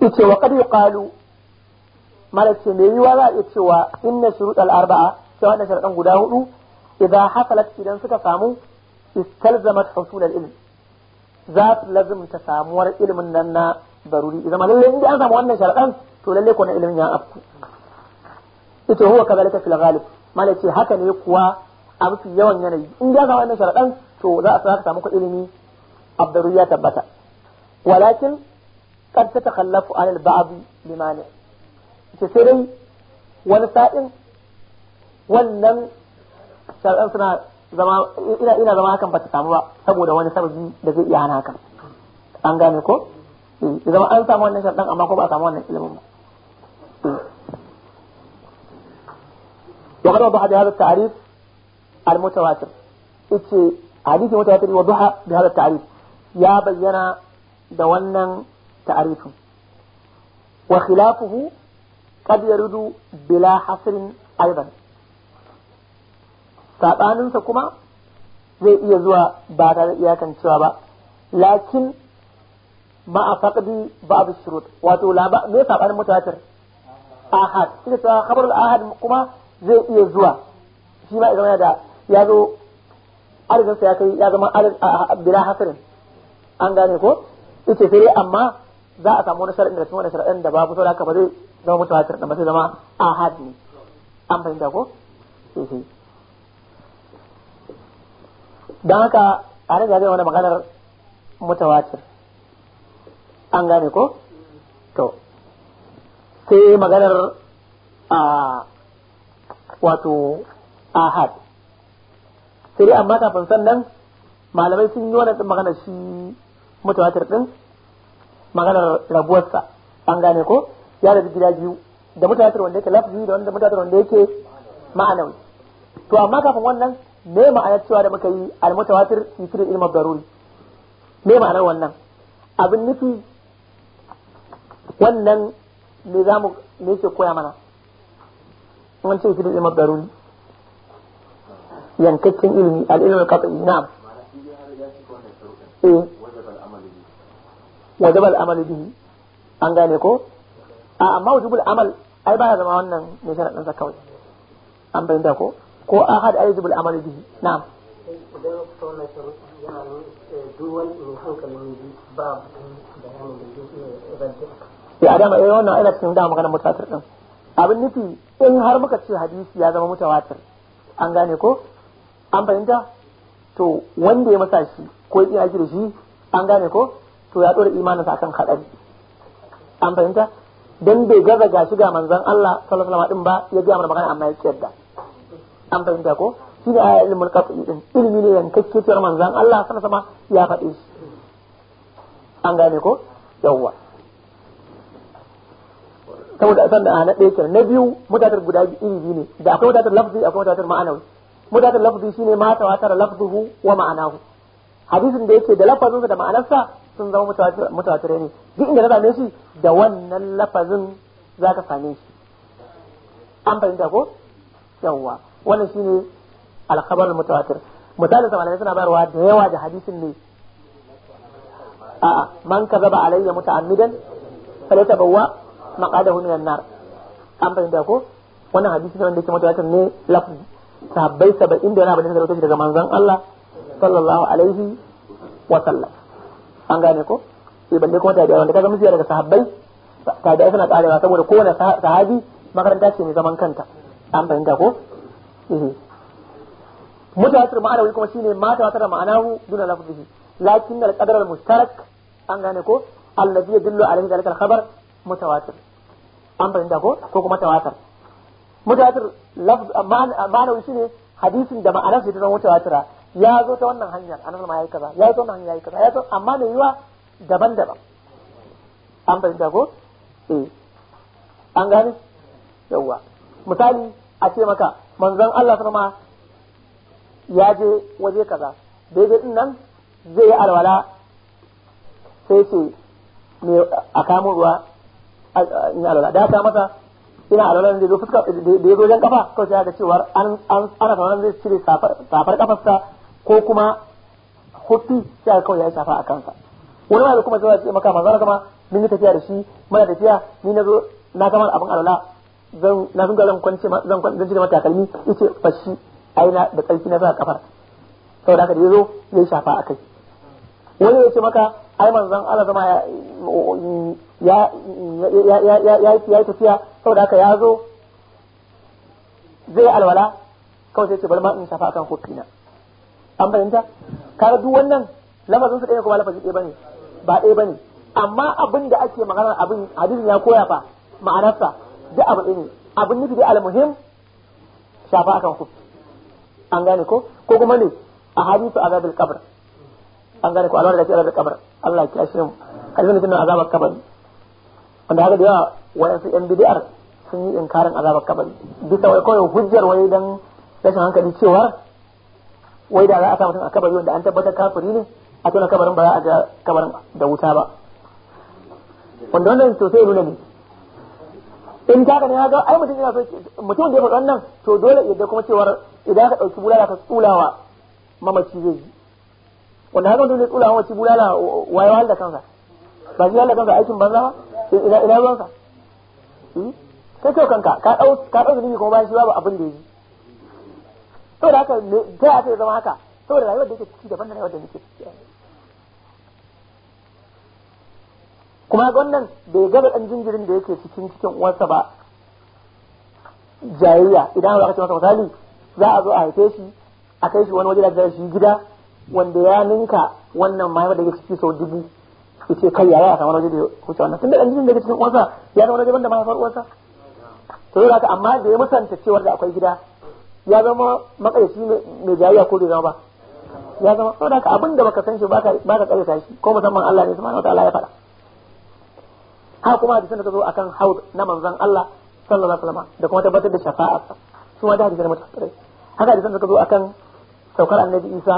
yace wa qad yuqalu malaka me yiwa za a iya cewa inna shurut al arba'a سؤال شرط أنجداه إذا حصلت إذا سكتامو استلزمت حصول الإلم ذات لازم تسامو الإلم أننا ضروري إذا ما للي عندي أنا مؤمن شرط أن تقول لي كون إلمني أبكي إذا هو كذلك في الغالب ما لك هكا يقوى أبكي يوم يني إذا ما مؤمن شرط أن تو ذا أسرار سامو إلمي الضرورية تبتا ولكن قد تتخلف عن البعض لمانع تسيري ونسائل wannan shari'ar suna zama ina zama hakan ba ta samu ba saboda wani sababi da zai iya hana hakan an gane ko eh, zama an samu wannan shari'ar amma ko ba a samu wannan ilimin ba وقد وضح بهذا التعريف المتواتر اتش حديث متواتر وضح بهذا التعريف يا بينا دولنا تعريف وخلافه قد يرد بلا حصر aibar. saɓaninsa kuma zai iya zuwa ba tare da iyakancewa ba lakin ma a faƙadi babu shirut wato me saɓanin mutatar ahad ita ta khabarul ahad kuma zai iya zuwa shi ma zama da ya zo arzinsa ya kai ya zama bila hasirin an gane ko ita sai amma za a samu wani shar'in da cikin wani shar'in da babu saboda haka ba zai zama mutawatir da ba zai zama ahad ne an fahimta ko sai don haka a nan zaɓe wani maganar mutawatir an gane ko to sai maganar a wato ahad sai dai amma kafin sannan malamai sun yi wani maganar shi mutawatir din maganar rabuwarsa an gane ko ya rabu gida biyu da mutawatir wanda yake lafi da wanda mutawatir wanda yake ma'anawi to amma kafin wannan me ma'anar cewa da muka yi almutawatir fi sirri ilmi daruri me ma'anar wannan abin nufi wannan me za mu me yake koya mana mun ce sirri ilmi daruri yankaccen ilimi al-ilmi al-qat'i na'am eh wajabal amal bihi an gane ko a amma wajibul amal ai baya zama wannan ne sharadin sa kawai an bayyana ko ko ahad a yajibul amalu bihi na'am ya adama eh wannan ina cikin da magana mutawatir din abin nufi in har muka ce hadisi ya zama mutawatir an gane ko an fahimta to wanda ya masa shi ko ya aiki da shi an gane ko to ya dora sa akan hadari an fahimta dan bai gaza ga shiga manzon Allah sallallahu alaihi wasallam din ba ya ga mana magana amma ya kiyarda an fahimta ko shi ne ayyar ilmul kafin ɗin ilmi ne yankakke cewar manzan Allah sana sama ya faɗi shi an gane ko yawwa saboda a san a na ɗaya kenan na biyu mutatar guda iri biyu ne da akwai mutatar lafzi akwai mutatar ma'anawi mutatar lafzi shine ma tawatar lafzuhu wa ma'anahu hadisin da yake da lafazinsa da ma'anarsa sun zama mutawatire ne duk inda na same shi da wannan lafazin za ka same shi an fahimta ko yawwa wannan shine al-khabar mutawatir misalin sa malamai suna bayarwa da yawa da hadisin ne a'a man kazaba alayya muta'ammidan falaysa bawwa maqadahu an nar an fahimta ko wannan hadisi wanda yake mutawatir ne lafzi sahabbai 70 da yana bada sarauta daga manzon Allah sallallahu alaihi wa sallam an gane ko sai eh, balle kuma tabi'a wanda kaga musiya daga sahabbai tabi'a suna karewa saboda kowane sahabi makaranta ce mai zaman kanta an da ko Mm-hmm. mutawatir wani kuma shine ma ma'ana ma'anahu duna lafzihi lakin al-qadar al-mushtarak an gane ko alladhi yadullu alayhi dhalika al-khabar mutawatir an da ko ko kuma tawatar mutawatir lafz wani shine hadisin da ma'ana sai da zama mutawatira ya zo ta wannan hanyar anan ma yayi kaza ya zo ta wannan hanyar yayi kaza ya zo amma ne yiwa daban-daban an da ko eh an gane yawa misali a ce maka manzon Allah sama ya je waje kaza daidai din nan zai yi alwala sai ce me a kamun ruwa in alwala da ta masa ina alwala da zo fuska da zo jan kafa kawai ya ga cewa an an ana tsaron zai cire safar kafarsa ko kuma hutu sai kawai ya shafa a kansa wani ma da kuma zai ce maka manzon kama mun yi tafiya da shi mana tafiya ni na zo na kamar abin alwala zan na tunga zan kwance zan kwance zan cire mata takalmi fashi aina da tsarki na sa kafar saboda haka da zo ya shafa a kai. wani ya ce maka ai manzon ala zama ya ya ya ya da tafiya saboda haka ya zo zai alwala kawai sai ce bari ma in shafa akan hotuna an fahimta kaga duk wannan lamarin su ɗaya kuma lafazi ɗaya bane ba ɗaya bane amma abin da ake magana abin hadisin ya koya fa ma'anarsa duk abu ɗaya ne abin nufi dai almuhim shafa akan ku an gane ko ko kuma ne a hadithu azabil qabr an gane ko alwala da ke azabil qabr Allah ya kiyaye mu kalmar nufin azabar kabari wanda haka da yawa wayansu yan bid'ar sun yi inkarin azabar kabari bisa wai kawai hujjar wai dan rashin hankali cewar wai da za a sa mutum a kabari wanda an tabbatar kafiri ne a tona kabarin ba za a ga kabarin da wuta ba wanda wannan sosai nuna ne in ta ka ne ga ai mutum yana so mutum da ya faɗi wannan to dole yadda kuma cewar idan ka ɗauki bulala ka tsulawa mamaci zai yi wanda haka dole ya tsulawa mamaci bulala waye wahal da kansa ba zai wahal da kansa aikin banza ba eh, ina ina ruwansa sai hmm? kyau kanka ka ɗau ka ɗau zunubi kuma bayan shi babu abin da ya yi saboda haka ta ya zama haka saboda rayuwar da yake ciki daban da rayuwar da nake ciki kuma ga wannan bai gaba dan jinjirin da yake cikin cikin uwarsa ba jayayya idan aka ce masa misali za a zo a haife shi a kai shi wani waje da shi gida wanda ya ninka wannan mai da yake ciki sau dubu yace kai yaya a samu waje da huce wannan tunda dan jinjirin da yake cikin uwarsa ya zama waje mai mahaifar uwarsa to yau ka amma da ya musanta cewar da akwai gida ya zama makaici mai jayayya ko bai zama ba ya zama saboda ka abin da baka san shi baka baka karyata shi ko musamman Allah ne subhanahu ta'ala ya faɗa ha kuma hadisan da ta zo akan haud na manzon Allah sallallahu alaihi wasallam da kuma tabbatar da shafa'a su ma da hadisan da mutakarai haka hadisan da ta zo akan saukar annabi Isa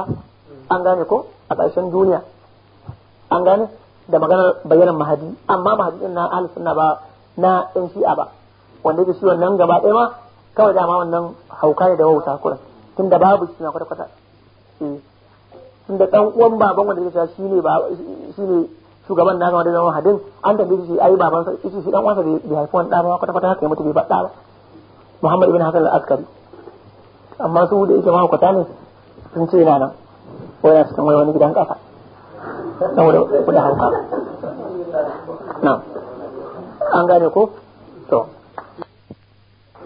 an gane ko a ƙarshen duniya an gane da maganar bayanan mahadi amma mahadi din na ahlus sunna ba na ɗan shi'a ba wanda yake shi wannan gaba ɗaya ma kawai dama wannan hauka ne da wauta kuran da babu shi na kwata-kwata eh. da ɗan uwan baban wanda yake shi ne shugaban na gama da zama hadin an tambaye shi ayi baban sa shi shi dan wasa bai haifi wani ɗa ba kwata kwata haka ya mutu bai bada ba Muhammad ibn Hasan al-Askari amma su da ita kwata ne sun ce yana nan ko yana cikin wani gidan kafa saboda kuɗa hauka na an gane ko to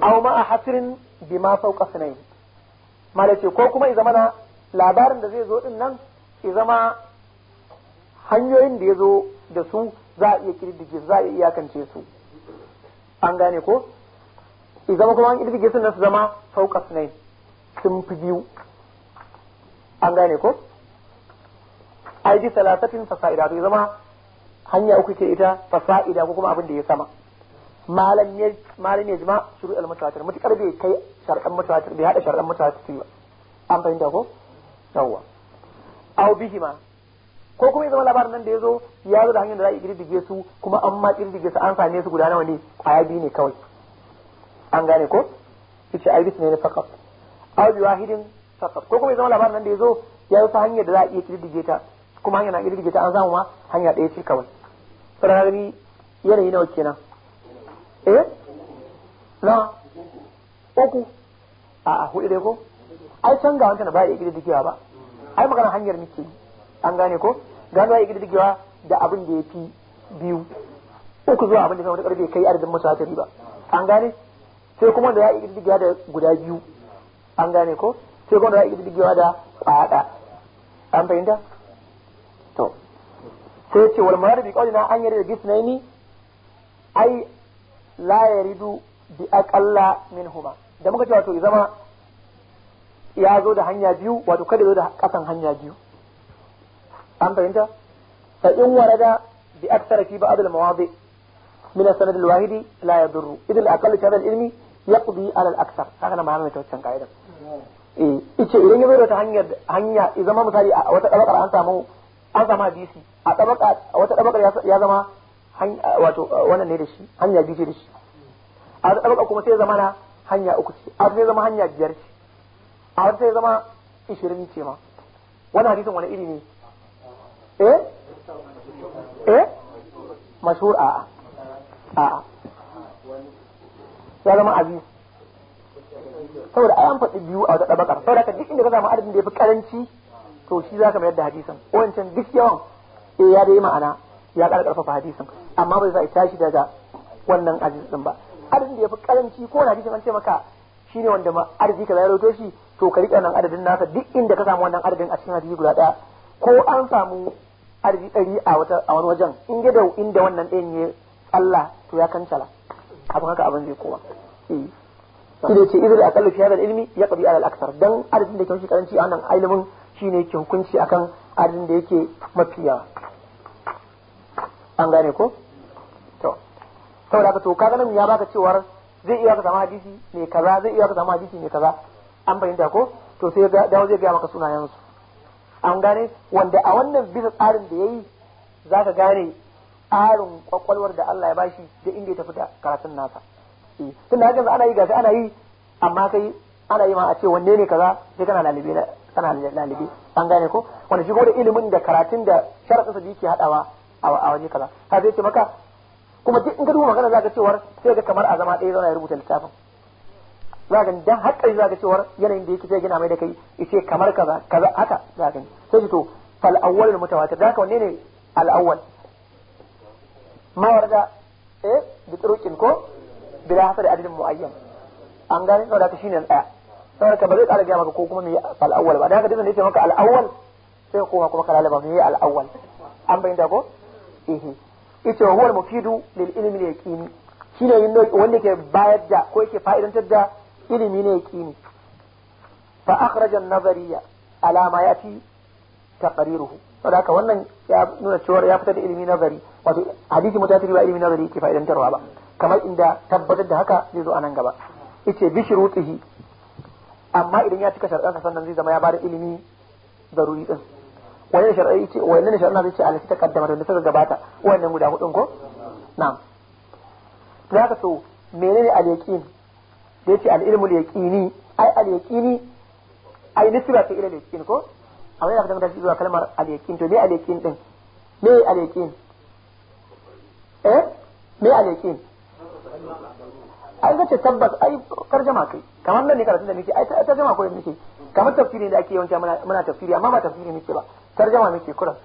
aw ma a hasirin bima fauka sunayi malace ko kuma i zamana labarin da zai zo din nan i zama hanyoyin da ya zo da su za a iya kirdige za a iya iyakance su an gane ko i zama kuma an kirdige su su zama faukas ne sun fi biyu an gane ko ai bi salasatin fasa'ida to zama hanya uku ke ita fasa'ida ko kuma abin da ya sama malam ne jima shuru al mutawatir mutukar bai kai shar'an mutawatir bai hada shar'an mutawatir ba an fahimta ko yawwa aw bihima ko kuma ya zama labarin nan da ya zo ya zo da hanyar da za a kirdige su kuma an ma kirdige su an same su guda nawa ne kwaya biyu ne kawai an gane ko ita ibis ne na fakat aw bi wahidin fakat ko kuma ya zama labarin nan da ya zo ya zo ta hanyar da za a iya kirdige ta kuma hanyar na kirdige ta an samu ma hanya ɗaya ce kawai da gani yanayi nawa kenan eh na uku a hudu dai ko ai can ga wanta na ba ya kirdigewa ba ai magana hanyar muke yi an gane ko gano ya girgiwa da abin da ya fi biyu uku zuwa abin da kamar karfe kai adadin musafiri ba an gane sai kuma da ya yi girgiwa da guda biyu an gane ko sai kuma da ya yi girgiwa da kwada an fahimta to sai ce wal marad bi na an yarda da gisnaini ai la yaridu bi aqalla minhuma da muka ce wato zama ya zo da hanya biyu wato kada zo da kasan hanya biyu an fahimta fa in warada bi fi ba'd al mawadi min sanad al wahidi la yadurru idan aqall al ilmi yaqdi ala al na ma'ana ta wancan eh ice idan ya ta hanyar hanya misali a wata dabakar an samu an zama a dabaka wata dabakar ya zama wato wannan ne da shi hanya da shi a dabaka kuma sai zama na hanya uku ce a zama hanya biyar ce a wata zama ishirin ce ma wannan hadisin wani iri ne eh eh mashhur a'a a'a ya zama abi saboda ayan faɗi biyu a wata bakar saboda ka duk inda ka samu adadin da ya fi karanci to shi za ka mayar da hadisan wancan duk yawan eh ya dai ma'ana ya ƙara ƙarfafa hadisan amma bai zai tashi daga wannan hadis din ba adadin da ya fi karanci ko na hadisan an ce maka ne wanda ma arziki ka zai roto shi to ka riƙe wannan adadin nasa duk inda ka samu wannan adadin a cikin hadisi guda ɗaya ko an samu arziki ɗari a wani wajen in gida inda wannan ɗayan ya tsalla to ya kancala abin haka abin zai kowa eh. shi da ce izir a kallu fiye da ilimi ya ƙabi alal aksar don arzikin da ke kyau karanci a wannan ilimin shi ne ke hukunci akan arzikin da yake mafi yawa an gane ko to saboda haka to ka ganin ya baka cewar zai iya ka samu hadisi mai kaza zai iya ka samu hadisi mai kaza an fahimta ko to sai dawo zai gaya maka sunayensu an gane wanda a wannan bisa tsarin da ya yi za ka gane tsarin kwakwalwar da Allah ya bashi da inda ya tafi da karatun nasa eh, Tun hakan za ana yi gashi ana yi amma kai ana yi ma a ce wanne ne kaza sai kana lalibe kana lalibe an gane ko wanda shigo da ilimin da karatun da sharadin sa yake haɗawa a waje kaza ka zai ce maka kuma duk in ka duba magana za ce cewar sai ga kamar a zama ɗaya zauna ya rubuta littafin za ka dan haƙƙari za ka cewar yanayin da yake sai gina mai da kai yace kamar kaza kaza haka za ka sai to fal awwal al mutawatir da ka wanne ne al awwal ma warda eh bi turuqin ko bila hasar adadin muayyan an gane saboda ka shine daya saboda ka ba zai ƙara gaya maka ko kuma me fal awwal ba da haka dinnan yace maka al awwal sai kuma kuma kalala ba me al awwal an bayyana ko eh ita huwa al mufidu lil ilmi al yaqini shine wanda ke bayar da ko yake fa'idantar da ilimi ne kini fa akhraja an-nazariyya ala ma yati taqriruhu saboda haka wannan ya nuna cewa ya fitar da ilimi nazari wato hadisi mutasiri ba ilimi nazari ke fa'idantarwa ba kamar inda tabbatar da haka zai zo a nan gaba yace bi shurutihi amma idan ya cika sharɗansa sannan zai zama ya bada ilimi zaruri din wani sharɗi yace wani ne sharɗi yace alati ta kaddama da suka gabata wannan guda hudun ko na'am to haka so menene al-yaqin da yace al-ilmul yaqini ai al-yaqini ai nisba ta ila al-yaqin ko amma yana da zuwa kalmar al-yaqin to me al-yaqin din me al-yaqin eh me al-yaqin ai zace tabbas ai tarjama kai kamar nan ne karatun da nake ai tarjama ko nake kamar tafsiri da ake yawanci muna muna tafsiri amma ba tafsiri nake ba tarjama nake kuran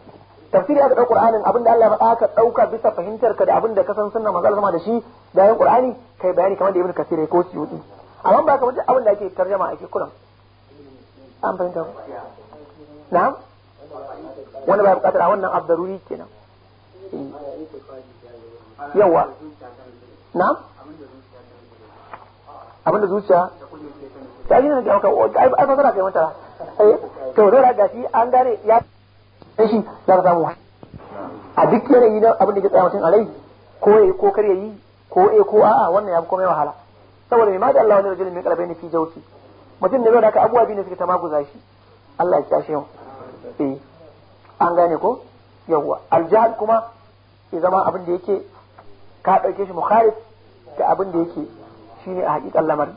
tafsiri aka dauka Qur'anin abinda Allah ya faɗa ka dauka bisa fahimtar ka da abinda ka san sunna manzo Allah da shi da yan Qur'ani kai bayani kamar da Ibn Kathir ko Suyuti amma ba kamar abin da ake tarjama ake kullum an fahimta ku na'am wanda ba bukatar a wannan abdaruri kenan yawa na'am da zuciya ta yi ne da aka ai ba za ka yi mata to dole ga shi an gane ya rashin za ka a duk yanayi na abin da ke tsaye mutum alai rai ko yayi ko kar yi ko eh ko a'a wannan ya fi komai wahala saboda mai mada Allah wani rajulun mai kalbai na fi jauki mutum da zai da ka abuwa biyu ne suke ta maguza shi Allah ya tashi yau eh an gane ko yawwa aljahal kuma ya zama abin da yake ka ɗauke shi mukharif da abin da yake shine a haƙiƙan lamarin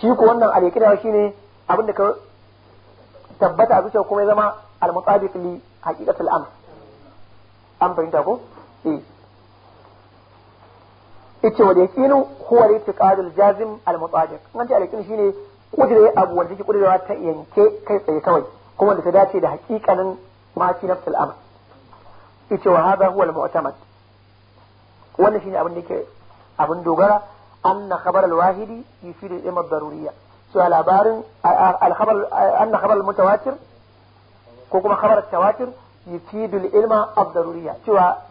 shi ko wannan al shi shine abin da ka tabbata a zuciya kuma ya zama al-mutabiq li haqiqatul amr an fahimta ko eh yace wal yaqinu huwa al-i'tiqadul jazim al-mutabiq an ce al-yaqin shine kudure abu wanda ta yanke kai tsaye kawai kuma da ta dace da haƙiƙanin ma fi nafsul amr yace wa hadha huwa al-mu'tamad wannan shine abin da dogara wahidi yufidu al labarin al mutawatir ko kuma khabar tawatir yufidul ilma abdaruriya cewa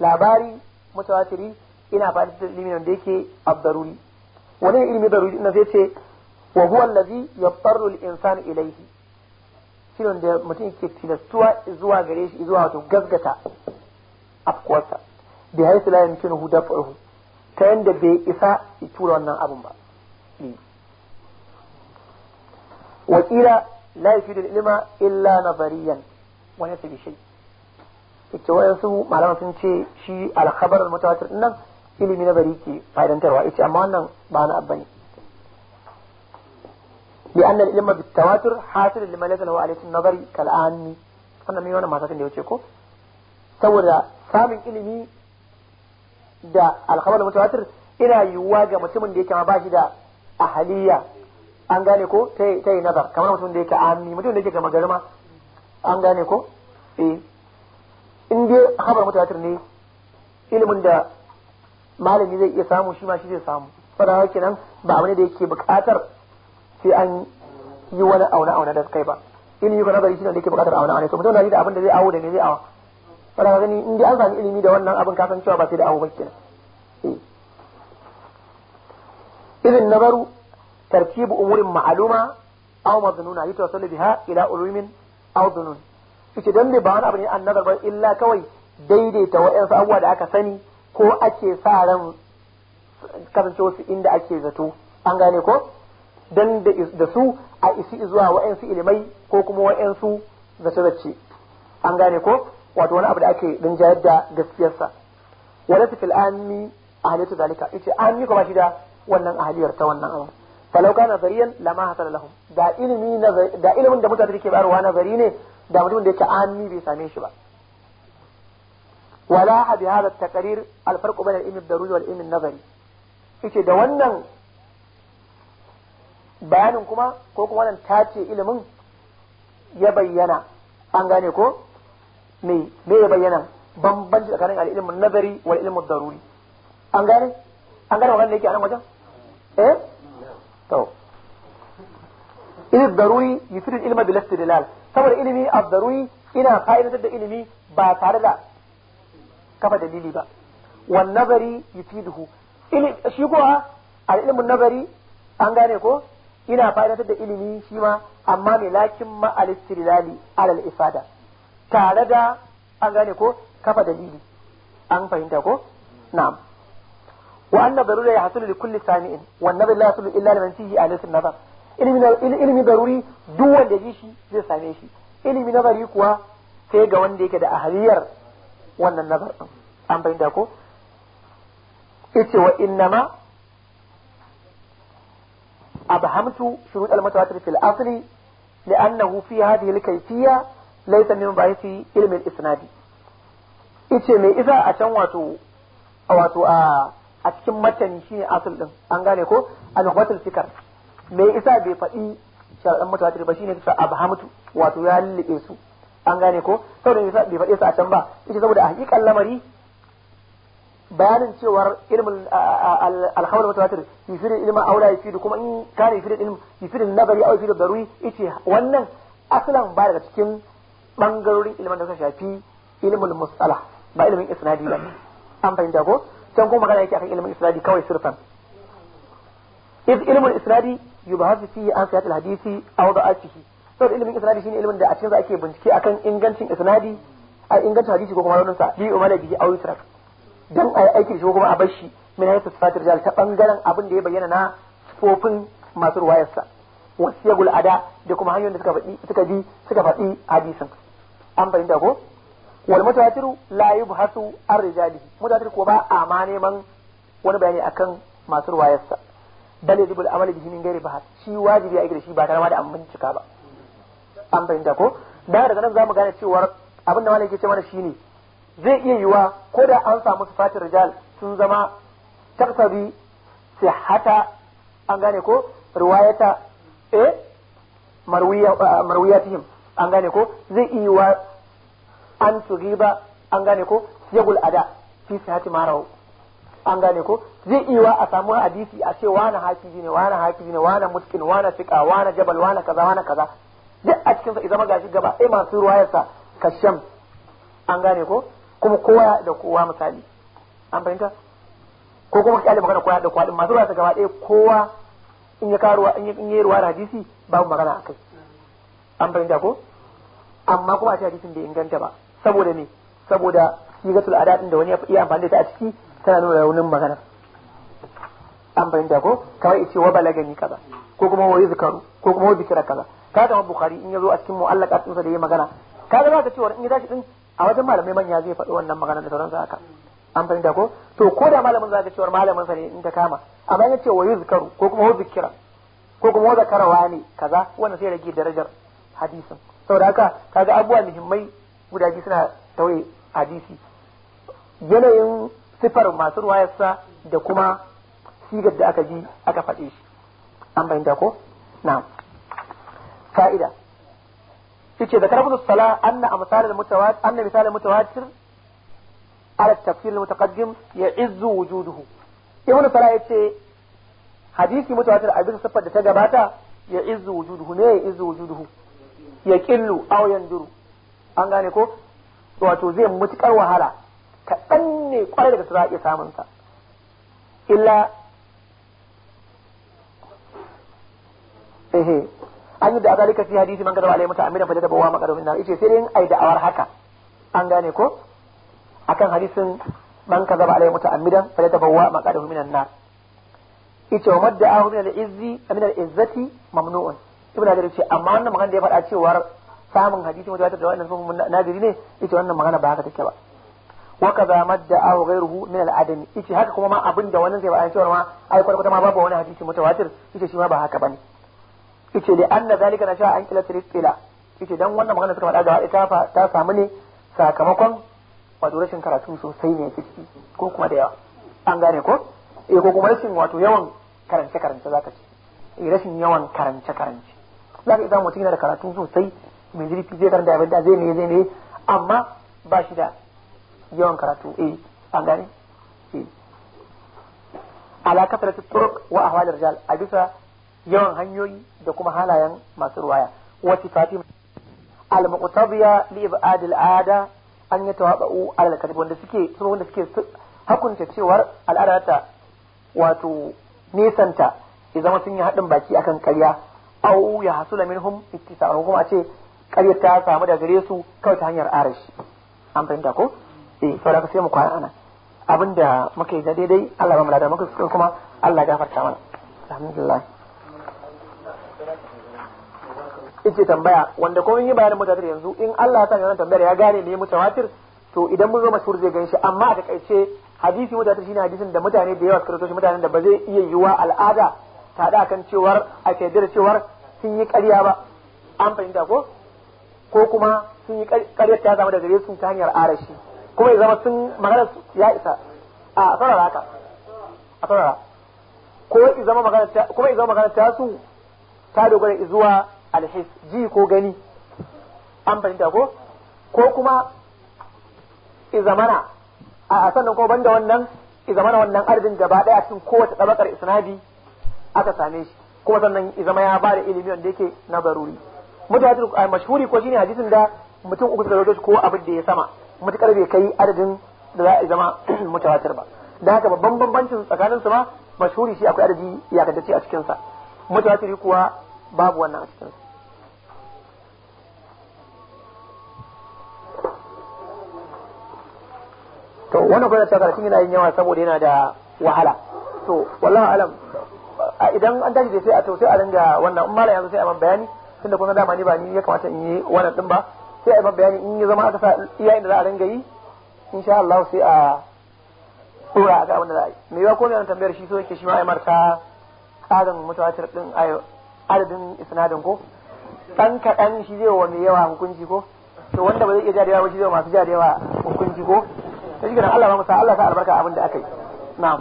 labari mutawatiri ina ba da ilimi wanda yake abdaruri wani ilimi daruri na zai ce wa huwa allazi yaftaru al-insan ilaihi? shi da mutum yake tilastuwa zuwa gare shi zuwa wato gazgata, afkuwarsa bi haisu la yamkinuhu daf'uhu ta yanda bai isa ya tura wannan abun ba wakila لا يفيد العلم إلا نظريا ونفي بشيء ita wayansu malaman sun ce shi alkhabar mutawatir nan ilimi na bari ke fa'idantarwa ita amma wannan ba na abbani li anna al-ilma bit tawatur hasil lima laysa lahu alayhi an-nazari kal anni wannan mai wannan masakin da yace ko saboda samun ilimi da alkhabar mutawatir ina yiwuwa ga mutumin da yake ma ba shi da ahaliya an gane ko ta yi nazar kamar mutum da yake amini mutum da yake gama garma an gane ko eh in dai habar mutawatir ne ilimin da malami zai iya samu shi ma shi zai samu saboda haka kenan ba abu ne da yake bukatar sai an yi wani auna auna da kai ba ilimi ko nazari shi ne da yake bukatar auna auna to mutum na da abin da zai awo da ne zai awa saboda gani in dai an sami ilimi da wannan abin kasancewa ba sai da awo ba kenan eh irin nazaru tartibu umurin ma'aluma aw madnuna yutawassalu biha ila ulumin aw dunun yace dan ba wani abu ne an nazar ba illa kawai daidaita wa'ansu abubuwa da aka sani ko ake sa ran kasance wasu inda ake zato an gane ko dan da su a isi zuwa wa'ansu ilimai ko kuma wa'ansu zace-zace an gane ko wato wani abu da ake rinjayar da gaskiyarsa wala fil ammi ahliyatu zalika yace ammi ko ba shi da wannan ahliyar ta wannan abu falau kana nazariyan lama hasala lahum da ilimi da ilimin da mutane ke bayarwa nazari ne da mutumin da yake ammi bai same shi ba wala bi hada taqrir al farq bayna al ilmi daruri wal ilmi nazari yace da wannan bayanin kuma ko kuma wannan tace ilimin ya bayyana an gane ko me me ya bayyana bambanci tsakanin al ilmin nazari wal ilmi daruri an gane an gane wannan yake a nan wajen eh to ilil daruri yufidu ilma bil istidlal saboda ilimi a daruri ina fa'idatar da ilimi ba tare da kafa dalili ba wan nazari yufiduhu shi kuwa a ilimin nazari an gane ko ina fa'idatar da ilimi shi ma amma ne lakin ma al istidlali alal ifada tare da an gane ko kafa dalili an fahimta ko na'am وأن ضرورة يحصل لكل سامئ والنظر لا يحصل إلا لمن فيه آلة النظر ilimi daruri duk wanda ji shi zai same shi ilimi nazari kuwa sai ga wanda ya ke da ahliyar wannan nazar an bayyana ko yace wa innama abhamtu shurut al mutawatir fil asli li'annahu fi hadhihi al kayfiyya laysa min ba'ithi ilmi al isnadi yace mai isa a can wato a a cikin matani ne asul din an gane ko al-nuhbatul fikar me isa bai faɗi sharadan mutawatir ba shine kisa abhamtu wato ya lullube su an gane ko saboda yasa bai faɗi su a can ba ce saboda hakikan lamari bayanin cewar ilmin al-khabar mutawatir yufidu ilmin aula da kuma in kana yufidu ilm yufidu nazari a yufidu daruri ce wannan asalan ba daga cikin ɓangarorin ilmin da suka shafi ilmin mustalah ba ilmin isnadi ba an fahimta ko can kuma magana yake akan ilimin isnadi kawai sirfan iz ilmin isnadi yubahasu fihi an sihhat alhadisi aw ciki saboda ilimin isnadi shine ilimin da a cikin sa ake bincike akan ingancin isnadi a ingancin hadisi ko kuma raunin sa bi umala bihi aw yusrak dan a yi aiki shi ko kuma a bar shi min haythu sifatir rijal ta bangaren abin da ya bayyana na sifofin masu ruwayar sa wasiyagul ada da kuma hanyoyin da suka faɗi suka bi suka faɗi hadisin an bayyana ko wal mutawatir la yubhasu ar rijali mutawatir ko ba a ma neman wani bayani akan masu ruwayarsa dalil yajibul amali bihi min gairi bahas shi wajibi a da shi ba tare da an bincika ba an fahimta ko dan daga nan zamu gane cewa abin da malaka ke ce mana shine zai iya yiwa ko da an samu sifatir rijal sun zama taktabi sihata an gane ko ruwayata eh marwiya eh, marwiyatihim an gane ko zai iya yiwa an riba an gane ko yagul ada fi sihati marau an gane ko zai iya a samu hadisi a ce wani hafizi ne wani hafizi ne wani muskin wani fika wani jabal wani kaza wani kaza duk a cikin sa zama gashi gaba ɗaya masu ruwayarsa kashem an gane ko kuma kowa da kowa misali an fahimta ko kuma kyale magana kowa da kowa din masu ruwayarsa gaba ɗaya kowa in ya karuwa in yi ruwa da hadisi babu magana akai an fahimta ko amma kuma a ce hadisin bai inganta ba saboda me saboda sigatul tul adadin da wani ya iya amfani da ta a ciki tana nuna raunin magana an fahimta ko kamar yace wa balagani kaza ko kuma wa yuzkaru ko kuma wa zikra kaza ka ma bukhari in yazo a cikin mu'allaqat din sa da yayi magana ga zaka cewa in ya tashi din a wajen malamai manya zai faɗi wannan magana da sauransu haka an fahimta ko to ko da malamin zaka cewa malamin sa ne in ta kama amma ya ce wa yuzkaru ko kuma wa bikira ko kuma wa zakarawa ne kaza wannan sai rage darajar hadisin saboda haka kaga abubuwa muhimmai guda biyu suna tauye hadisi yanayin sifar masu ruwayarsa da kuma sigar da aka ji aka faɗe shi an bayyana ko na fa'ida yace da karbu sala anna amsal al mutawatir anna misal al mutawatir ala tafsir al mutaqaddim ya'izzu wujuduhu ibn sala yace hadisi mutawatir a bisa siffar da ta gabata ya'izzu wujuduhu ne ya'izzu wujuduhu ya qillu aw yanduru an gane ko wato zai mutukar wahala kaɗan ne kwarai daga za a iya samun sa illa ehe an yi da azalika fi hadisi man kadaba alai mata amina fa da bawa makarumin nan yace sai dai ai da'awar haka an gane ko akan hadisin man zaba alai mata amina fa da bawa makarumin nan nar yace wa madda'ahu min al-izzi min al-izzati mamnu'un ibn hajar yace amma wannan magana da ya faɗa cewar samun hadisi wanda ya da wannan sunan nadiri ne yace wannan magana ba haka take ba wa kaza madda aw ghayruhu min al-adami yace haka kuma ma abin da wannan sai ba an cewa ma ai kwata ma babu wani hadisi mutawatir yace shi ma ba haka bane yace li anna zalika na sha an kila tilila yace dan wannan magana suka faɗa ga ita ta samu ne sakamakon wato rashin karatu sosai ne ciki ko kuma da yawa an gane ko eh ko kuma rashin wato yawan karance karance zaka ce eh rashin yawan karance karance zaka idan mutum yana da karatu sosai mai zurfi zai karanta abin da zai ne zai ne amma ba shi da yawan karatu eh an gane a ala kasratu turuq wa ahwal rijal a bisa yawan hanyoyi da kuma halayen masu ruwaya wa fatima. al muqtadiya li ibad al ada an yatawaba'u al kadib wanda suke sun wanda suke hakunta cewar al-adata wato nisanta ya zama sun yi haɗin baki akan karya au ya hasula minhum ittisaru kuma ce ƙarya ta samu da gare su kawai ta hanyar arashi an fahimta ko eh saboda sai mu kwana ana abinda muka yi daidai Allah ba mu lada muka suka kuma Allah gafarta mana alhamdulillah ce tambaya wanda kuma yi bayanin mutatir yanzu in Allah ya sa yana tambayar ya gane me mutawatir to idan mun zo mashhur zai shi amma a takaice hadisi shi shine hadisin da mutane da yawa suka rawaito shi mutanen da ba zai iya yiwa al'ada ta da kan cewar a kaidar cewar sun yi ƙarya ba an fahimta ko ko kuma sun yi karyar ta zama da gare su ta hanyar arashi kuma ya zama sun maganar ya isa a sarara haka a sarara ko ya zama kuma ya zama magana ta su ta dogara zuwa alhis ji ko gani an fahimta ko ko kuma izamana a sannan ko banda wannan izamana wannan ardin gaba daya cikin kowace tabakar isnadi aka same shi kuma sannan izama ya bada ilimi wanda yake na baruri a mashhuri ko shine hadisin da mutum uku suka rawaito ko abin da ya sama mutakar bai kai adadin da za a zama *clears throat* mutawatir ba da haka babban bambancin tsakanin su ma mashhuri shi akwai adadi iyakantacce a cikinsa sa mutawatir kuwa babu wannan a cikinsa. to wannan kwanar cewa karatun yana yin yawa saboda yana da wahala to wallahi alam idan an tashi sai a to sai a ringa wannan in yanzu sai a man bayani tunda kun dama ni ba ni ya kamata in yi wannan din ba sai a bayani in ya zama aka sa iya da za a ringa yi insha Allah sai a dora ga da za a yi me ba ko ne tambayar shi so yake shi ma ai marka tsarin mutawatir din adadin isnadin ko dan kaɗan shi zai wa mai yawa hukunci ko to wanda ba zai iya jarewa ba shi zai wa masu jarewa hukunci ko ta shi Allah ba musa Allah ka albarka abin da aka yi na'am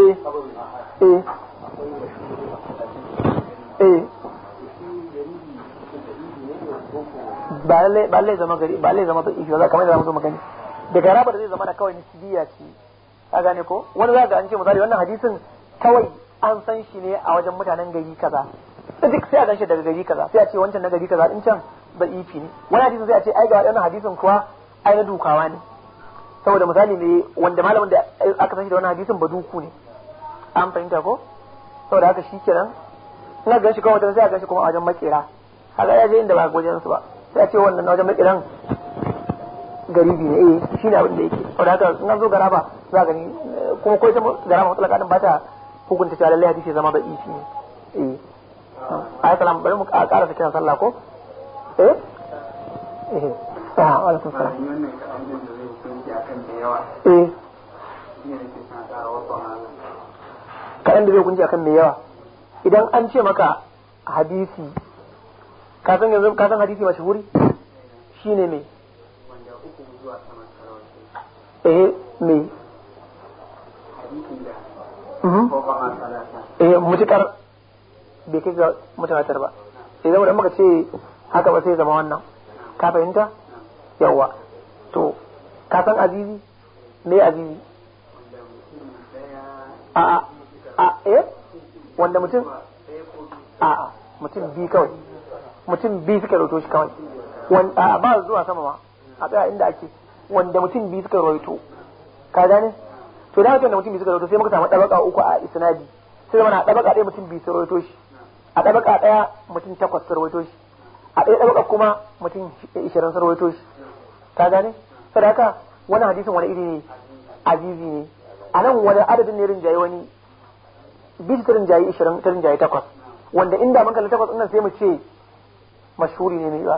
eh eh eh ba lai ba lai zama gari ba lai zama to ifi ba kamar da zama mutum magani daga rabar zai zama da kawai nisbiya ce ka gane ko wani za ga an ce misali wannan hadisin kawai an san shi ne a wajen mutanen gari kaza duk sai a ganshi daga gari kaza sai a ce wancan na gari kaza in can da ifi ne wani hadisin sai a ce ai ga wannan hadisin kuwa ai na dukawa ne saboda misali ne wanda malamin da aka san shi da wannan hadisin ba duku ne an fahimta ko saboda haka shikenan na gan shi wajen sai a gan shi kuma a wajen makera kaga ya je inda ba wajen su ba sai a ce wannan na wajen makeran garibi ne eh shi ne abin da yake saboda haka in an zo garaba za gani eh, kuma ko ita garaba mutlaka din ba ta hukunta cewa lallai hadisi zama da shi ne eh ayi salam bari mu ƙara sa kiran sallah ko eh eh ah wala sun fara kaɗan da zai hukunci akan mai yawa idan an ce maka hadisi kasan san yanzu ka hadisi mashhuri shine me eh me mhm. eh mutukar bai kai ga mutanatar ba idan wanda maka ce haka ba sai zama wannan ka fahimta yawa to kasan azizi me azizi a a eh wanda mutum a mutum bi kawai mutum bi suka roto shi kawai wanda ba zuwa sama ma a tsaya inda ake wanda mutum bi suka roto ka gane to da wanda mutum bi suka roto sai muka samu ɗabaka uku a isnadi sai zama dabaka ɗabaka ɗaya mutum bi su roto shi a ɗabaka ɗaya mutum takwas su roto shi a ɗaya ɗabaka kuma mutum 20 su roto shi ka gane saboda haka wani hadisin wani iri ne azizi ne a nan wani adadin ne rinjaye wani bil ta rinjaye ishirin ta rinjaye takwas wanda inda mun kalli takwas din sai mu ce mashhuri ne mai ba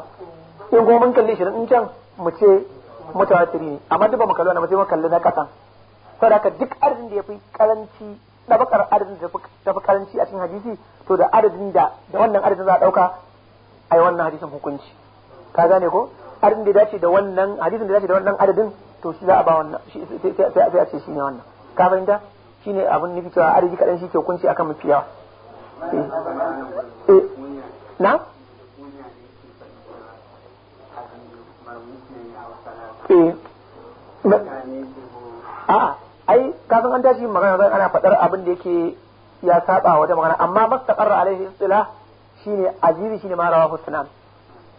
in kuma mun kalli ishirin din can mu ce mutawatiri ne amma duk ba mu kalli wannan ba sai mu kalli na kasan saboda haka duk adadin da ya fi karanci da bakar adadin da tafi karanci a cikin hadisi to da adadin da da wannan adadin za a dauka yi wannan hadisin hukunci ka gane ko adadin da dace da wannan hadisin da dace da wannan adadin to shi za a ba wannan sai a ce shi ne wannan ka fahimta shine abin nufi cewa arziki kaɗan shi ke hukunci akan mafi yawa eh. Eh. na eh. a'a ai kafin an tashi magana zan ana faɗar abin da yake ya saba wata magana amma masu mastaqarra alaihi istila shine ajiri ne mara wa sunan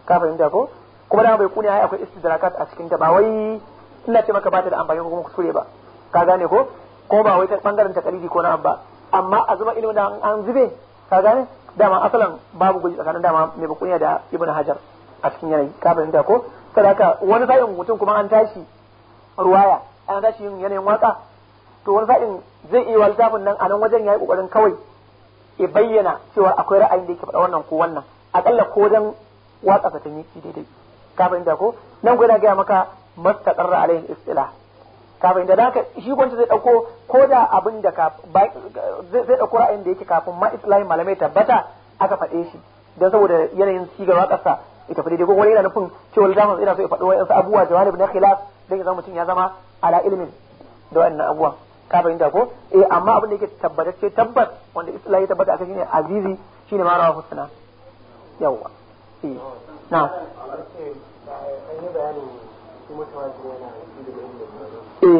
ka fahimta ko kuma da bai kuni ai akwai istidrakat a cikin ta ba wai ina ce maka ba ta da amfani ko kuma kusure ba ka gane ko ko ba wai ta bangaren takalidi ko na ba amma a zuma ilimin da an zube ka gane dama asalan babu guji tsakanin dama mai bukunya da ibn hajar a cikin yanayi ka da ko sadaka wani sa'in mutum kuma an tashi ruwaya an tashi yin yanayin watsa. to wani sa'in zai iya waltafin nan a nan wajen yayi kokarin kawai ya bayyana cewa akwai ra'ayin da yake faɗa wannan ko wannan akalla ko dan watsa ta daidai ka da ko nan ko yana gaya maka mastaqarra alaihi istilah kafin da zaka shi gwamnati zai dauko ko da abin da zai dauko ra'ayin da yake kafin ma islamin malamai tabbata aka faɗe shi don saboda yanayin cigaba ƙasa ita fa daidai gwamnati yana nufin cewa zaman ina so ya faɗi wa'yansu abubuwa jawalib na khilaf don ya zama mutum ya zama ala ilimin da wa'annan Abuwa. ka fahimta ko eh amma abin da yake tabbatacce tabbas wanda islamin tabbata akan shine azizi shine marawa husna yawwa eh na an yi bayanin za eh.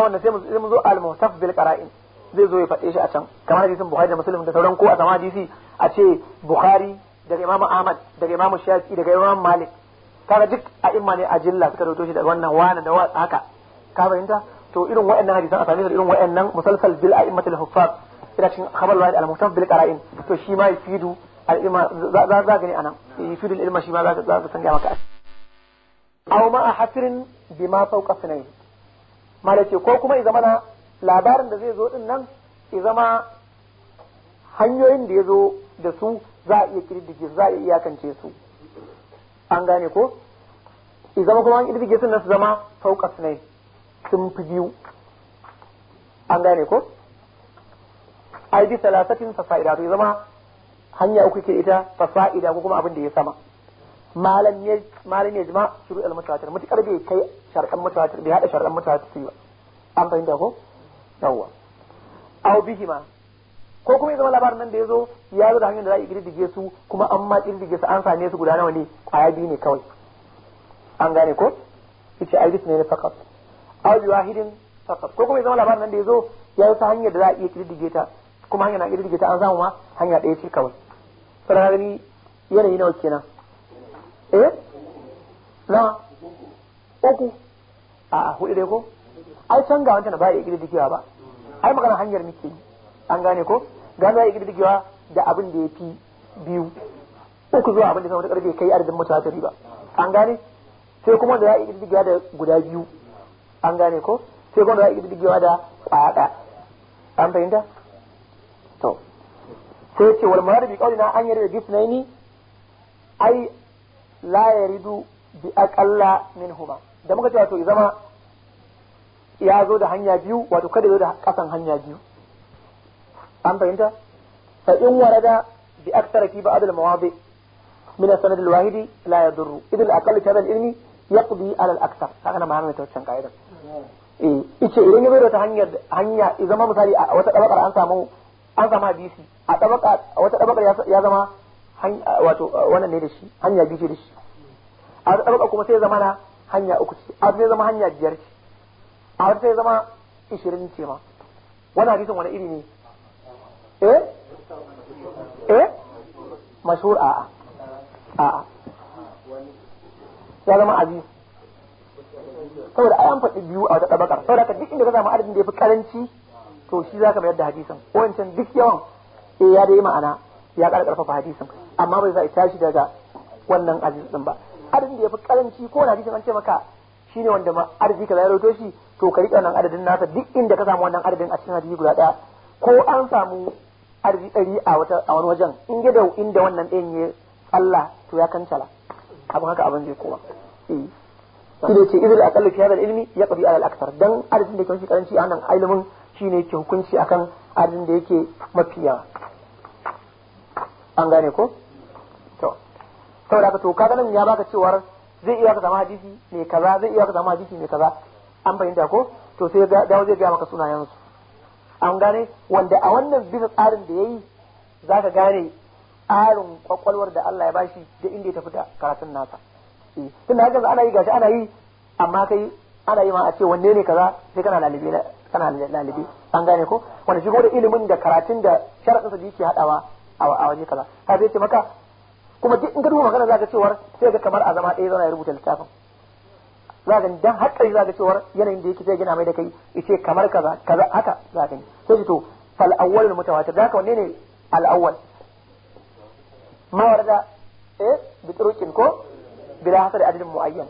wanda sai mun zo al-muhtaf bil qara'in zai zo ya faɗe shi a can kamar hadisin Bukhari da Muslim da sauran ko a sama hadisi a ce Bukhari daga Imam Ahmad daga Imam Shafi daga Imam Malik kaga duk a imma ne a jilla suka rawaito shi da wannan wani da haka ka fahimta to irin waɗannan hadisan a same su irin waɗannan musalsal bil a'immatil huffaz ila cikin khabar al-muhtaf bil qara'in to shi ma yafidu al'ima za gani anan yufidul eh, ilma shi ma za ka san ga maka aw ma hasrin bima fawqa sunai malace ko kuma izama na labarin da zai zo din nan izama hanyoyin da ya zo da su za a iya kirdige za a iya iyakance su an gane ko izama kuma an su sun su zama fawqa sunai sun fi biyu an gane ko ai bi salasatin fa fa'ida izama. hanya uku ke ita fa fa'ida ko kuma abin da ya sama malam ya malam ne jima shuru al mutawatir mutakar bai kai shar'an mutawatir bai hada shar'an mutawatir ba an fahimta ko yawwa aw ma. ko kuma ya zama labarin nan da ya zo ya zo da hanyar da za a girgige su kuma an ma girgige su an same su guda nawa ne kwaya biyu ne kawai an gane ko yace iris ne na fakat aw bi wahidin fakat ko kuma ya zama labarin nan da ya zo ya zo ta hanyar da za a iya girgige ta kuma hanyar na girgige ta an zama ma hanya ɗaya ce kawai kana gani yanayi nawa kenan eh na uku a hudu dai ko ai can ga wancan ba ya ƙididdigewa ba ai magana hanyar muke an gane ko ga za ya ƙididdigewa da abin da ya fi biyu uku zuwa abin da sama ta ƙarfe kai adadin mutawatiri ba an gane sai kuma da ya yi ƙididdigewa da guda biyu an gane ko sai kuma da ya yi ƙididdigewa da ƙwaya ɗaya an fahimta to sai ce wal murad bi qawlina an yarda bi sunaini ai la yaridu bi aqalla minhuma da muka ce wato zama ya zo da hanya biyu wato kada zo da kasan hanya biyu an fahimta fa in warada bi aksara fi ba'd al mawadi min sanad al wahidi la yadurru idan aqall ta al ilmi yaqdi ala al aksar haka na ma'ana ta wancan kaida eh ice idan ya zo da hanyar hanya zama misali a wata dabakar an samu an zama hadisi a tabaka wata tabakar ya zama wato wannan ne da shi hanya biyu ce da shi a wata tabaka kuma sai zama na hanya uku ce a wata zama hanya biyar ce a wata sai zama ishirin ce ma wannan hadisin wani iri ne eh eh mashhur a'a a'a ya zama aziz saboda ayan faɗi biyu a wata tabakar saboda ka duk inda ka samu adadin da ya fi karanci to shi ka mayar da hadisin wancan duk yawan eh ya dai ma'ana ya ƙara ƙarfafa hadisin amma bai za a tashi daga wannan aziz din ba adadin da ya fi karanci ko wani hadisin an ce maka shi ne wanda ma arziki ka ya rawaito shi to ka riƙe wannan adadin nasa duk inda ka samu wannan adadin a cikin hadisi guda ɗaya ko an samu arziki ɗari a wani wajen in da inda wannan ɗayan ya tsalla to ya kancala abin haka abin zai koma eh. shi da ce a aqallu fi hadha ilmi yaqdi ala al-akthar dan arzikin da kan shi karanci a nan ilimin ne ke hukunci akan abin da yake mafi yawa an gane ko to saboda ka to kaga nan ya baka cewar zai iya ka zama hadisi mai kaza zai iya ka zama hadisi mai kaza an bayyana ko to sai dawo zai ga maka sunayen su an gane wanda a wannan bisa tsarin da yayi zaka gane tsarin kwakwalwar da Allah ya bashi da inda ya tafi da karatun nasa eh, tun da haka ana yi gashi ana yi amma kai ana yi ma a ce wanne ne kaza sai kana lalibe tana lalibi an gane ko wanda shi da ilimin da karatun da sharadin sa yake hadawa a waje kaza ka zai ce maka kuma duk in ka duba magana zaka cewar sai ga kamar a zama ɗaya zana ya rubuta littafin zaka dan hakkari zaka cewar yanayin da yake sai gina mai da kai yace kamar kaza kaza haka zaka ni sai to fal awwal mutawatir zaka wanne ne al awwal ma warda eh turukin ko bila hasar adadin muayyan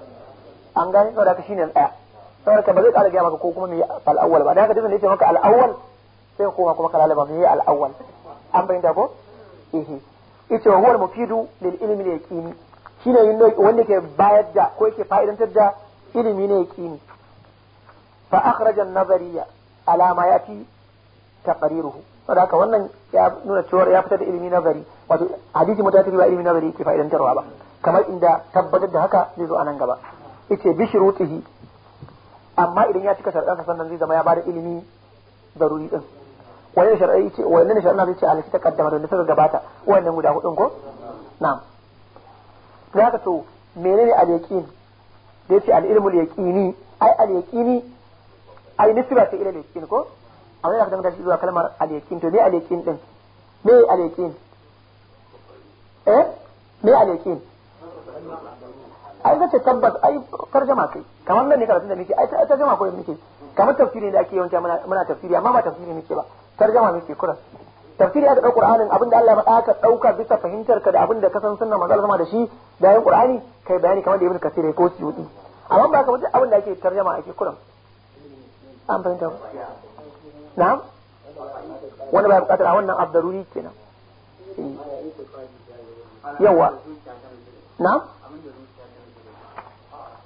an gane saboda ka shine al saboda ba zai ƙara gaya maka ko kuma me al'awwal ba da haka dukkan da yake maka al'awwal sai kuma kuma kalalaba me al'awwal an bayyana ko eh ita wa huwal mufidu lil ilmi lil yaqini shine wanda ke bayar da ko yake fa'idantar da ilimi ne yaqini fa akhraja an-nazariyya ala ma yati taqriruhu saboda haka wannan ya nuna cewa ya fitar da ilimi nazari wato hadisi mutatabi ba ilimi nazari ke fa'idantarwa ba kamar inda tabbatar da haka zai zo a nan gaba ita bi shurutihi amma idan ya cika sharaɗansa sannan zai zama ya bada ilimi daruri din wani shari'a ce wani shari'a zai ce alaki ta kaddama da suka gabata wannan guda hudun ko na'am da haka to menene al-yaqin da yace al-ilmu al-yaqini ai al-yaqini ai nisba ta ila al-yaqin ko amma yana da shi zuwa kalmar al-yaqin to me al-yaqin din me al-yaqin eh me al-yaqin ai zace tabbas ai tarjama kai kamar nan ne karatun da muke ai tarjama ko muke kamar tafsiri da ake yawanci muna muna tafsiri amma ba tafsiri muke ba tarjama muke kuran tafsiri aka dauka Qur'anin abinda Allah ya faɗa ka dauka bisa fahimtar ka da abinda ka san sunnar manzo zama da shi da yin Qur'ani kai bayani kamar da Ibn Kathir ko Suyuti amma ba ka wuce abin da ake tarjama ake kuran an fahimta na'am wanda ba bukatar a wannan abdaruri kenan eh. yawa na'am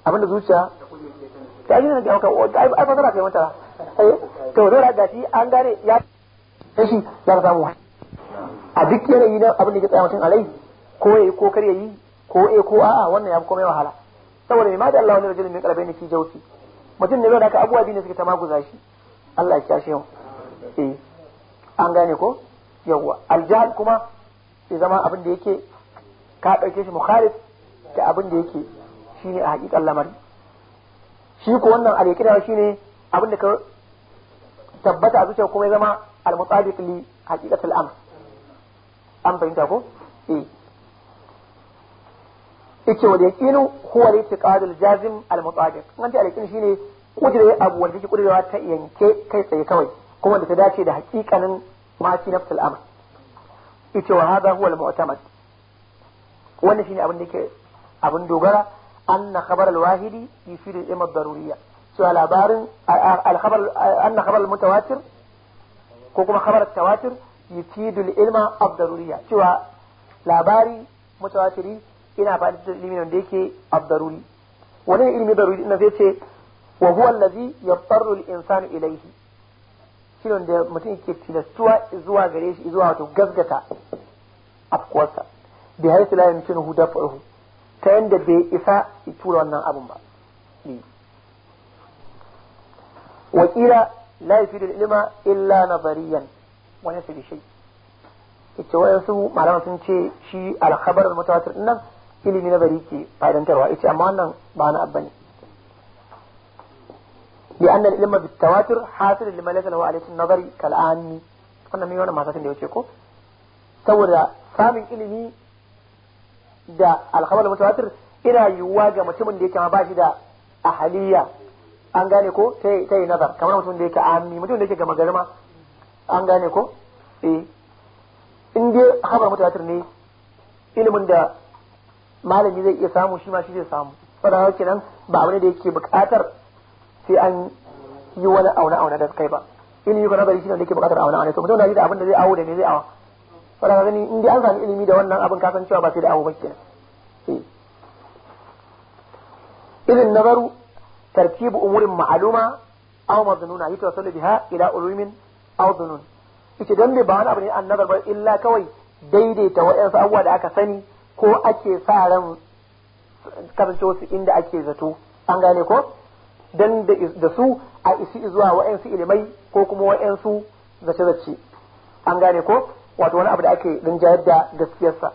abinda zuciya ta gina da ko ai ba zara kai mata eh to dora da shi an gare ya shi ya ka samu a duk yanayi na abin da ke tsaya mutum alai ko yayi ko kar yayi ko eh ko a'a wannan ya fi komai wahala saboda ma da Allah wani rajulun min qalbayni ki jawfi mutum ne da ka abuwa biyu ne suke ta maguza shi Allah ya kiyashe mu eh an gane ko yawwa aljahl kuma sai zama abin da yake ka dauke shi mukhalif da abin da yake shine a hakikan lamarin shi ko wannan al-yaqina shine abin ka tabbata a zuciya kuma ya zama al-mutabiq li haqiqatil amr an fahimta ko eh yace wal yaqinu huwa al-i'tiqad al-jazim al-mutabiq an ce shine kudure abu wanda yake kudurewa ta yanke kai tsaye kawai kuma da ta dace da haƙiƙanin ma fi nafsul amr yace wa hadha huwa al-mu'tamad wannan shine abin da yake abin dogara أن خبر الواحد يفيد الإمام الضرورية سواء الأبار آه، الخبر آه، أن خبر المتواتر كوكما خبر التواتر يفيد الإمام الضرورية سواء الأبار متواتري إنا فأنت لمن عندك الضروري ولن إلمي ضروري إن ذيته وهو الذي يضطر الإنسان إليه كيلون ده متين كتير سواء إزواء غريش إزواء وتو غزغتا أبقوة بحيث لا يمكنه دفعه ta yadda bai isa ya tura wannan abun ba ila la yafidu ilma illa nazariyan wa laysa bi shay ita wa yasu malaman sun ce shi al-khabar al-mutawatir nan ilimi nazari ke fadantarwa ita amma wannan ba na abba ne bi العلم hasil حاصل لما lahu alayhi nazari kal anni wannan mai wannan masu da yace ko saboda samun ilimi da alkhabar mutawatir ina yiwuwa ga mutumin da yake ma ba shi da ahaliya an gane ko ta yi nazar kamar mutumin da yake ammi mutumin da yake gama garma an gane ko eh in dai khabar mutawatir ne ilimin da malami zai iya samu shi ma shi zai samu saboda kenan ba abu ne da yake bukatar sai an yi wani auna auna da kai ba ilimi ko nazari shi ne da yake bukatar auna auna to mutum da yi da abin da zai awo da ne zai awa ka gani in an sami ilimi da wannan abin kasan cewa ba sai da abu ba kenan eh. nazaru tartibu umurin ma'aluma aw madnuna yatawassalu biha ila ulumin aw dunun ita dan ba wani abu ne an nazar ba illa kawai daidaita waɗansu abubuwa da aka sani ko ake sa ran kasance wasu inda ake zato an gane ko dan da su a isi zuwa waɗansu ilimai ko kuma waɗansu zace-zace an gane ko wato wani abu da ake rinjayar da gaskiyarsa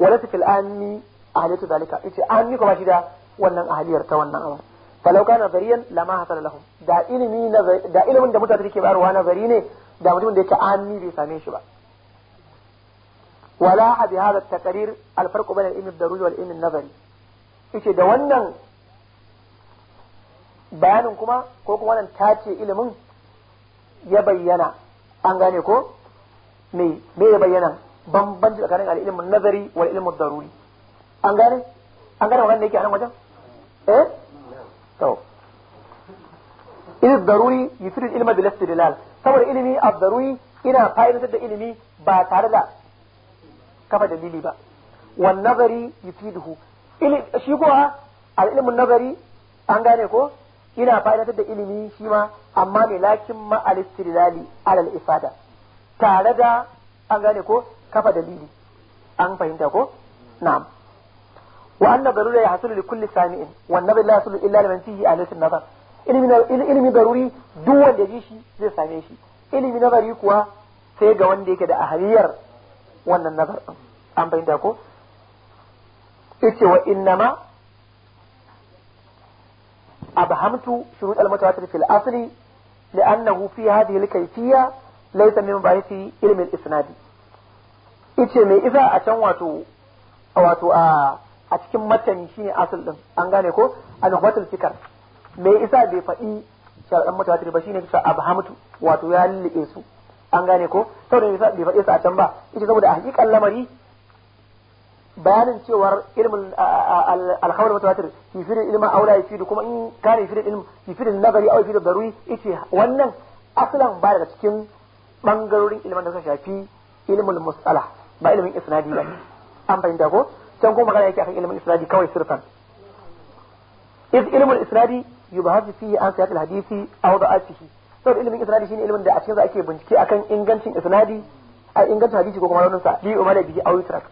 wala ta fil anni ahliyatu zalika yace anni kuma shi da wannan ahliyar ta wannan abu falau kana nazariyan lama hasala lahum da ilimi da ilimin da mutane suke bayarwa nazari ne da mutumin da yake anni bai same shi ba ولا بهذا التقرير takarir بين العلم الضروري والعلم النظري yace da wannan bayanin kuma ko kuma wannan tace ilimin ya bayyana an gane ko me me ya bayyana bambanci tsakanin al-ilmun nazari wal ilmun daruri an gane an gane wannan da yake a nan wajen eh to ilmin daruri yufirid ilma bil istidlal saboda ilimi a daruri ina fa'idantar da ilimi ba tare da kafa dalili ba wan nazari yufiduhu shi kuwa al-ilmun nazari an gane ko ina fa'idantar da ilimi shi ma amma ne lakin ma al-istidlali al-ifada tare da an gane ko kafa dalili an fahimta ko na'am wa anna darura ya hasulu li kulli sami'in wa annabi la yasulu illa liman fihi alayhi nazar ilimi daruri duk wanda ji shi zai same shi ilimi nazari kuwa sai ga wanda yake da ahliyar wannan nazar an fahimta ko yace wa innama abhamtu shurut al-mutawatir fil asli لأنه في هذه الكيفية laisa min bahisi ilmin isnadi ice me isa a can wato wato a a cikin shi shine asal din an gane ko al-hubatul fikar me isa bai fadi sharadan mutawatir ba shine cewa abhamtu wato ya lille su an gane ko saboda isa bai fadi su a can ba ita saboda a hakikan lamari bayanin cewar ilmin al-khabar mutawatir fi fi ilma aula ya fi kuma in kare fi ilm fi fi nazari aw fi daruri ice wannan aslan ba daga cikin bangarorin ilimin da suka shafi ilimin mus'ala ba ilimin isnadi ba an bayyana ko can kuma magana yake akan ilimin isnadi kawai sirfan iz ilimin isnadi yubahazu fihi an siyaq alhadisi aw da'atihi saboda ilimin isnadi shine ilimin da a cikin sa ake bincike akan ingancin isnadi a ingancin hadisi ko kuma raunin sa bi umara bihi aw yutrak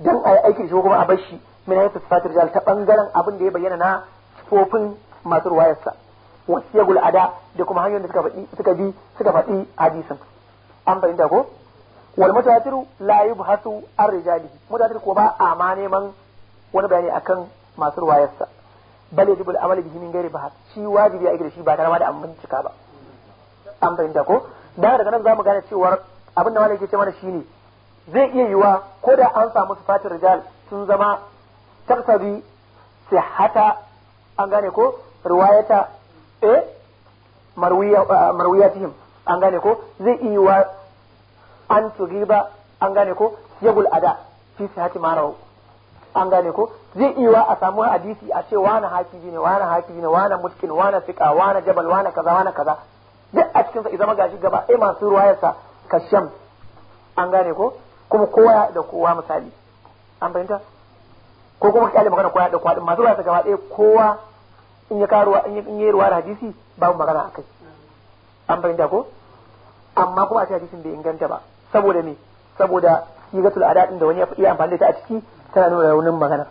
dan ayi aiki shi ko kuma a bar shi min haythu sifatir rijal ta bangaren abin da ya bayyana na sifofin masu ruwayarsa wasiyagul ada da kuma hanyoyin da suka faɗi suka bi suka faɗi hadisin an fahimta ko wal mutatiru la yubhasu ar rijali mutatir ko ba a ma neman wani bayani akan masu ruwayarsa bal yajibu al amal bihi min ghairi bahas shi wajibi a shi ba tare ma da an bincika ba an fahimta ko dan daga nan zamu gane cewa abin da malai yake ce mana shine zai iya yiwa ko da an samu sifatin rijal sun zama tartabi sihata an gane ko riwayata eh marwiya eh, marwiyatihim an gane ko zai iya wa an ba an gane ko yagul ada fi sihati ma'anahu an gane ko zai iya wa a samu hadisi a ce wani hafizi ne wani hafizi ne wani mutkin wani fiqa wani jabal wani kaza wani kaza duk a cikinsa sa ma gashi gaba ɗaya masu ruwayarsa kasham an gane ko kuma kowa da kowa misali an fahimta ko kuma kyale magana kowa da kowa masu ruwayarsa gaba ɗaya kowa in ya karuwa in ya ruwa da hadisi babu magana a kai. an fahimta ko amma kuma a cikin hadisin bai inganta ba saboda me saboda sigatul ada din da wani ya iya amfani da ta a ciki tana nuna raunin magana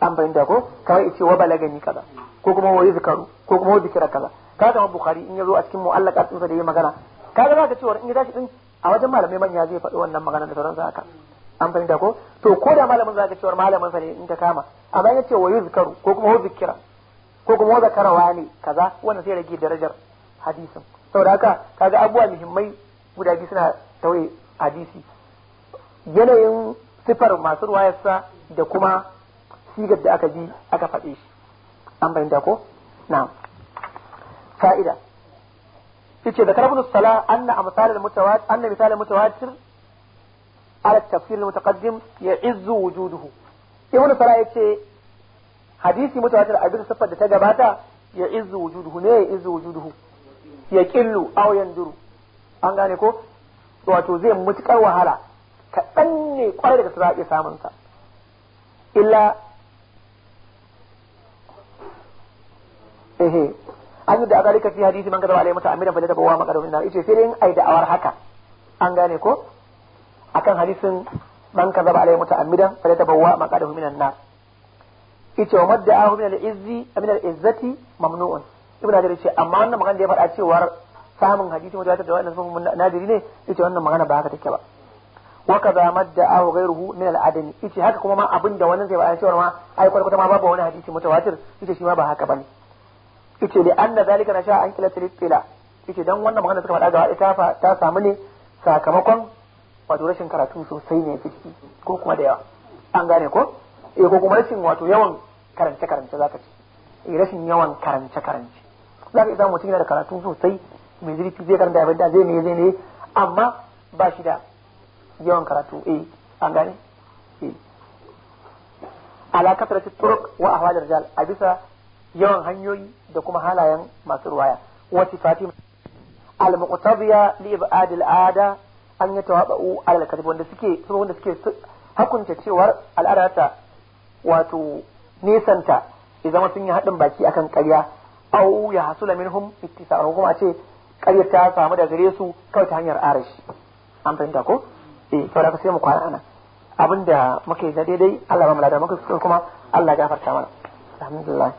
an fahimta ko kawai ya ce wa balagani kaza ko kuma wa yuzkaru ko kuma wa zikra kaza kaga ma bukhari in yazo a cikin mu'allaqat din sa da yayi magana kaga ka cewa in ya tashi din a wajen malamai manya zai faɗi wannan magana da sauransu haka an fahimta ko to ko da malamin zaka cewa malamin sa ne in ta kama amma ya ce wa yuzkaru ko kuma wa zikira ko kuma wa zakarawa ne kaza wannan sai rage darajar hadisin saboda haka kaga abubuwa muhimmai guda biyu suna tauye hadisi yanayin sifar masu ruwayarsa da kuma sigar da aka bi aka faɗe shi an bayyana ko na fa'ida yace da karbu sala anna amsal al mutawatir anna misal al mutawatir ala tafsir al mutaqaddim ya'izzu wujuduhu ibnu sala yace hadisi mutawatir a bisa sifar da ta gabata ya izu wujuduhu ne ya izu wujuduhu ya killu aw yanzuru an gane ko wato zai mutukar wahala kaɗan ne kwarai daga za a iya samun sa illa ehe an yi da azalika fi hadisi man kadaba alai mata amiran fa ladaba wa maqadam inna ice sai dai ai da'awar haka an gane ko akan hadisin man kadaba alai mata amiran fa ladaba wa maqadam minan nar ice wa madda ahu min al-izzi min al-izzati mamnu'un ibn hajar ce amma wannan magana da ya faɗa cewar samun hadisi wanda ya da wannan sunan nadiri ne yace wannan magana ba haka take ba wa kaza madda ahu ghayruhu min al-adami yace haka kuma ma abin da wannan zai faɗa cewar ma ai kwalkwata ma babu wani hadisi mutawatir yace shi ma ba haka bane yace li anna zalika nasha an kila tilila yace dan wannan magana suka faɗa gaba ita ta samu ne sakamakon wato rashin karatu sosai ne ciki ko kuma da yawa an gane ko eh ko kuma rashin wato yawan karance karance zaka ci eh, rashin yawan karance karance za ka samu mutum yana da karatu sosai mai zurfi zai karanta abin da zai ne zai ne amma ba shi da yawan karatu eh an gane eh ala wa ahwal rijal a bisa yawan hanyoyi da kuma halayen masu ruwaya wa sifati al muqtadiya li ibad al ada an yatawaba'u al kadhib wanda suke wanda suke hakunta cewar al'ada ta wato nisanta idan sun yi haɗin baki akan ƙarya au ya hasula minhum ittisar kuma ce ƙarya ta samu da gare su kawai ta hanyar arashi an fahimta ko eh to da sai mu kwana ana abinda muka yi daidai Allah ba mu ladan muka kuskure kuma Allah gafarta mana alhamdulillah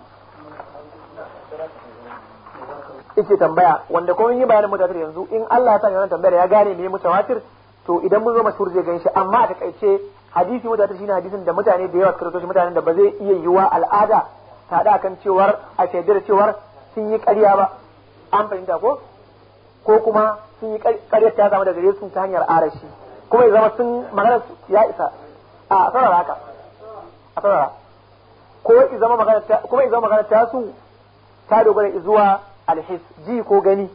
yake tambaya wanda kuma yi bayanin mutawatir yanzu in Allah ya sa wannan tambayar ya gane me mutawatir to idan mun zo mashhur zai ganshi amma a takaice hadisi shi shine hadisin da mutane da yawa suka rawaito mutanen da ba zai iya yiwa al'ada tada akan cewar a shaidar cewar sun yi ƙarya ba an fahimta ko ko kuma sun yi ƙarya ta zama daga su ta hanyar arashi kuma ya zama sun magana ya isa a sarara haka a sarara ko ya zama magana ta kuma ya zama magana ta su ta dogara zuwa alhis ji ko gani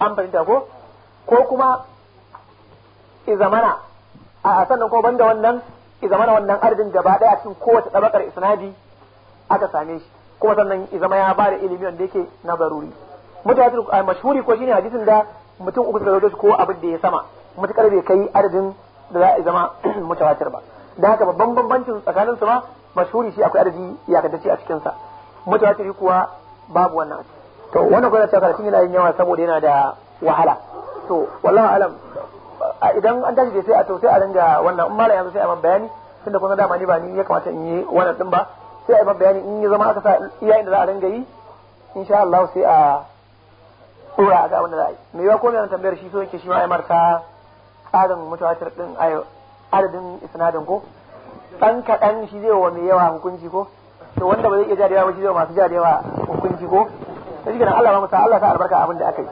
an fahimta ko ko kuma izamana a sannan ko banda wannan izamana wannan ardin gaba daya cikin kowace tabakar isnadi aka same shi kuma sannan zama ya bada ilimi wanda yake na zaruri mutane a mashhuri ko shine hadisin da mutum uku suka su ko abin da ya sama da bai kai adadin da za a zama *clears throat* mutawatir ba da haka babban bambancin tsakanin su ba mashhuri shi akwai adadi iyakantacce a cikin sa mutawatir kuwa babu wannan to wannan kuma ta karatun yana yin yawa saboda yana da wahala to wallahi alam idan an tashi sai a to sai a ringa wannan in mala yanzu sai a man bayani tunda kuma dama ni ba ni ya kamata in yi wannan din ba sai a yi bayani in ya zama aka sa iya inda za a ringa yi insha Allah sai a tsora a ga abin da za a yi me yawa ko mai tambayar shi so yake shi ma ya marta tsarin mutawatir din adadin isnadin ko dan kaɗan shi zai wa mai yawa hukunci ko to wanda ba zai iya jarewa ba shi zai wa masu jarewa hukunci ko ta shi Allah ma musa Allah ta albarka abin da aka yi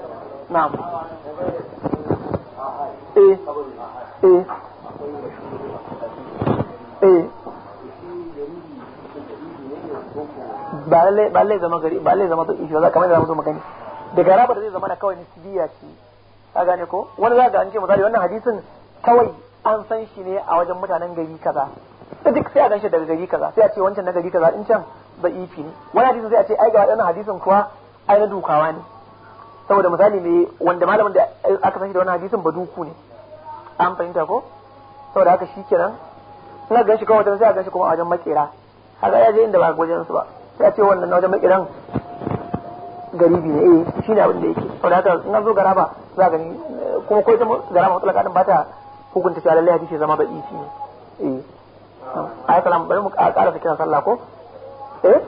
na'am eh eh eh ba lalle zama gari ba lalle zama to ishi za kamar da mutum makani daga da zai zama na kawai nisbiya ce ka gane ko wani za ga an ce misali wannan hadisin kawai an san shi ne a wajen mutanen gari kaza da duk sai a ganshi daga gari kaza sai a ce wancan na gari kaza in can ba ifi ne wani hadisin sai a ce ai ga wannan hadisin kuwa ai na dukawa ne saboda misali ne wanda malamin da aka san shi da wannan hadisin ba duku ne an fahimta ko saboda haka shikenan na ganshi kawai wajen sai a ganshi kuma a wajen makera haka ya je inda ba wajen su ba sai a ce wannan na wajen makiran garibi ne eh shi ne abin da yake saboda haka in zo garaba za gani eh, kuma ko ita garaba mutlaka din ba ta hukunta cewa lallai hadisi zama baɗi shi ne eh ayi kalam bari mu ƙara sa kiran sallah ko eh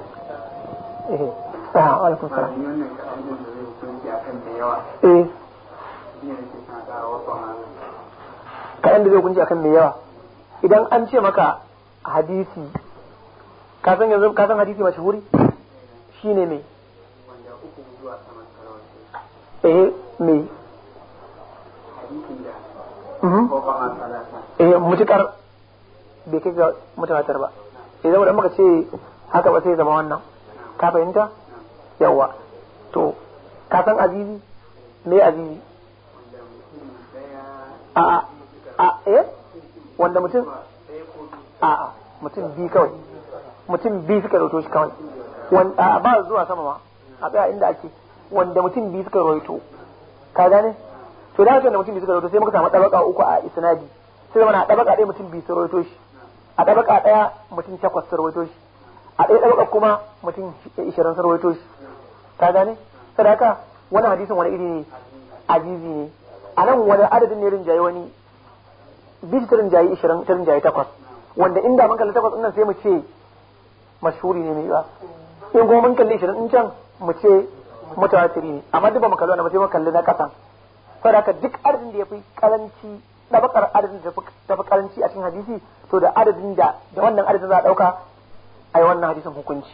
eh salamu alaikum salam eh kaɗan da zai hukunci akan mai yawa idan an ce maka hadisi ka san yanzu ka san hadisi mashhuri shine me eh me mhm. eh mutukar bai kai ga mutawatar ba idan eh, wanda maka ce haka ba sai zama wannan ka fahimta yawa to ka san azizi me azizi a a eh wanda mutum a a mutum bi kawai mutum biyu suka rawaito shi kawai wanda ba zuwa sama ma a tsaya inda ake wanda mutum biyu suka rawaito ka gane to da haka da mutum biyu suka rawaito sai muka samu tabaka uku a isnadi sai zama na tabaka ɗaya mutum biyu su rawaito shi a tabaka ɗaya mutum takwas su rawaito shi a ɗaya tabaka kuma mutum ishirin su rawaito shi ka gane sadaka wani hadisin wani iri ne azizi ne a nan wani adadin ne rinjaye wani bisu ta rinjaye ishirin ta rinjaye takwas wanda inda mun kalli takwas ɗin nan sai mu ce mashuri ne mai ba in kuma mun kalli shi in can mu ce mutawatiri ne amma duk ba mu kalli wannan mu ce mu kalli na kasan saboda haka duk adadin da ya fi karanci ɗabakar arzikin da fi karanci a cikin hadisi to da adadin da da wannan adadin za a ɗauka a yi wannan hadisin hukunci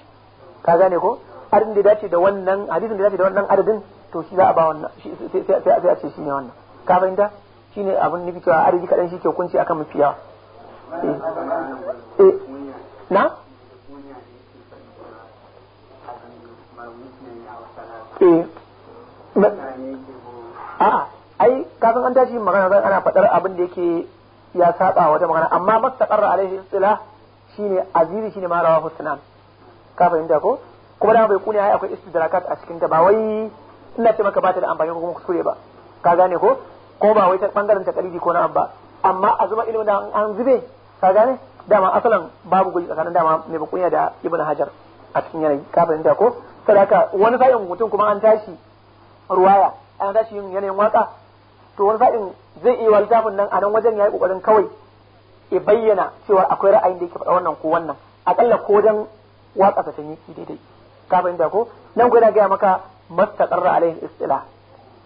ka gane ko arzikin da dace da wannan hadisin da dace da wannan adadin to shi za a ba wannan sai a ce shi ne wannan ka fahimta shi ne abin nufi cewa arziki kaɗan shi ke hukunci akan mafiya na Eh, ai kafin an tashi magana zan ana faɗar abin da yake ya saba wata magana amma mastaqarra alaihi istilah shine aziri shine ma rawahu sunan ka fahimta ko kuma da bai kuni ai akwai istidrakat a cikin ta ba wai ina ce maka ba ta da amfani ko kuma kuskure ba ka gane ko ko ba wai ta bangaren takalidi ko na ba amma a zuba ilimin da an zube ka gane dama asalan babu guri tsakanin dama mai bukunya da ibn hajar a cikin yanayi ka fahimta ko sadaka wani sa'in mutum kuma an tashi ruwaya an tashi yin yanayin waka to wani sa'in zai iya waltafin nan a nan wajen ya yi kokarin kawai ya bayyana cewa akwai ra'ayin da yake faɗa wannan ko wannan akalla ko don waka ta sanye daidai ka fahimta ko nan ko yana gaya maka mastaqarra alaihi layin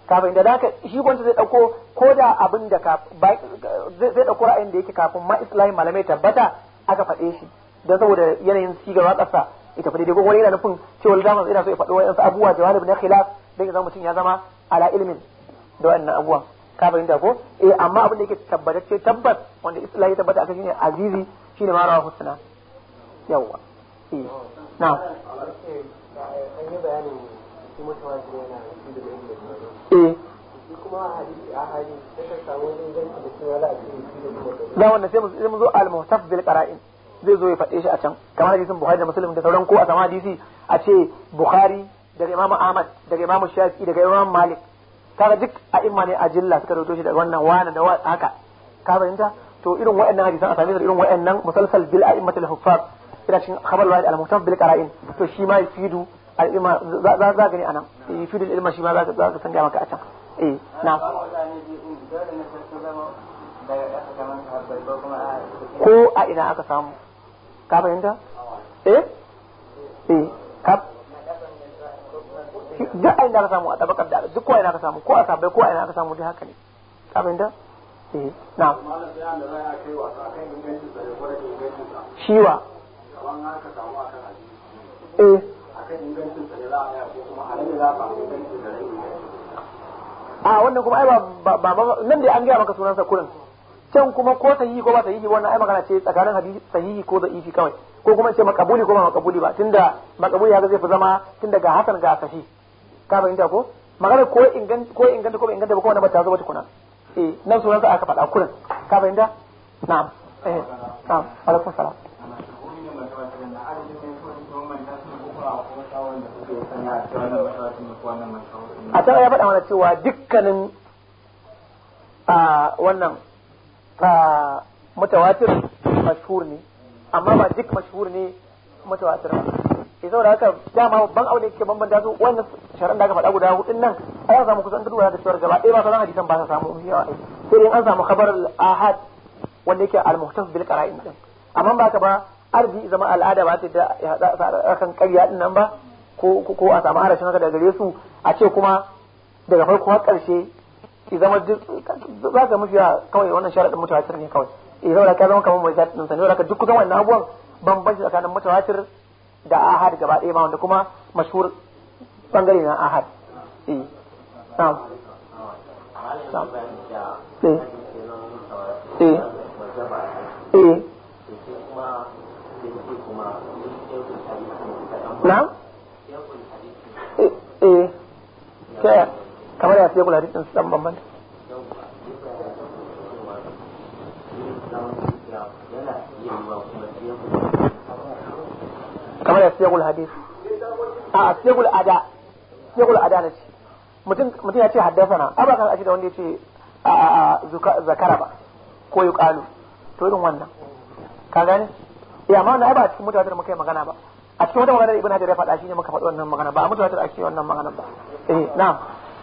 ka fahimta da haka shi gwamnati zai dauko ko da abin da ka zai dauko ra'ayin da yake kafin ma islamin malamai tabbata aka faɗe shi don saboda yanayin sigar waƙarsa ita fa dai ko wani yana nufin cewa dama ina so ya faɗo wayansu abubuwa jawanib na khilaf dan ya zama mutum ya zama ala ilmin da wayannan abubuwa ka fahimta ko eh amma abin da yake tabbatacce tabbas wanda islahi tabbata akan shine azizi shine ma rawa husna yawa eh na eh da da da wannan sai mu zo al-muhtaf bil qara'in zai zo ya faɗe shi a can kamar hadisin Bukhari da Muslim da sauran ko a sama hadisi a ce Bukhari daga Imam Ahmad daga Imam Shafi daga Imam Malik kaga duk a imma ne a jilla suka rubuto shi daga wannan wani da haka ka fahimta to irin waɗannan hadisan a same su irin waɗannan musalsal bil a'immatil huffaz ina cikin khabar wa'id al-muhtaf bil qara'in to shi ma yafidu al-ima za za gani anan yafidu eh, al-ilma shi ma za ka san ga maka a can eh na ko a ina aka samu ka fahimta eh eh ka duk ayin da aka samu a tabakar da duk kowa ina aka samu ko a sabai ko a ina aka samu duk haka ne ka fahimta eh na shiwa eh a ah, wannan kuma ai eh, ba ba nan da an gaya maka sunansa kurin can kuma ko sahihi ko ba sahihi wannan ai magana ce tsakanin hadisi sahihi ko ifi kawai ko kuma ce makabuli ko ba makabuli ba tunda makabuli ga zai fi zama tunda ga hasan ga sahi ka fahimta ko magana ko inganta ko inganta ko ba inganta ba ko wannan ba ta zo wata kuna eh nan sunan sa aka faɗa kurin ka fahimta na'am eh na'am alaikum salam a ta ya faɗa mana cewa dukkanin a ah, wannan a mutawatir mashhur ne amma ba duk mashhur ne mutawatir ba sai eh, saboda haka ma ban abu da yake bambanta su wannan sharan da aka faɗa guda hudun nan a ya samu kusan duba da cewar gaba ɗaya ba sauran hadisan ba sa samu yawa sai an samu khabar ahad wanda yake al-muhtas bil qara'in din amma ba ka ba arzi zama al'ada ba ta da ya hada akan ƙarya din nan ba ko ko a samu harashin haka daga gare su a ce kuma daga farko har karshe. ki zama za ka mafiya kawai wannan sharaɗin mutawatir ne kawai eh saboda ka zama kamar mai zati din sanin ka duk kusan wannan abubuwan bambanci tsakanin mutawatir da ahad gaba ɗaya ma wanda kuma mashhur bangare na ahad eh na'am na'am eh eh eh na'am eh eh kamar ya sai kula hadisin san bambanta kamar ya sai kula hadis a ah, sai kula ada sai kula ada na ce mutum ya ce haddasana abakan ashi da wanda ya ce ah, ah, a zakara ba ko yuqalu to irin wannan ka gani eh, ya ma wannan ai ba cikin mutane da muka yi magana ba a cikin wata magana da ibn hajar ya faɗa ne muka faɗi wannan magana ba a mutane da ake wannan magana ba eh na'am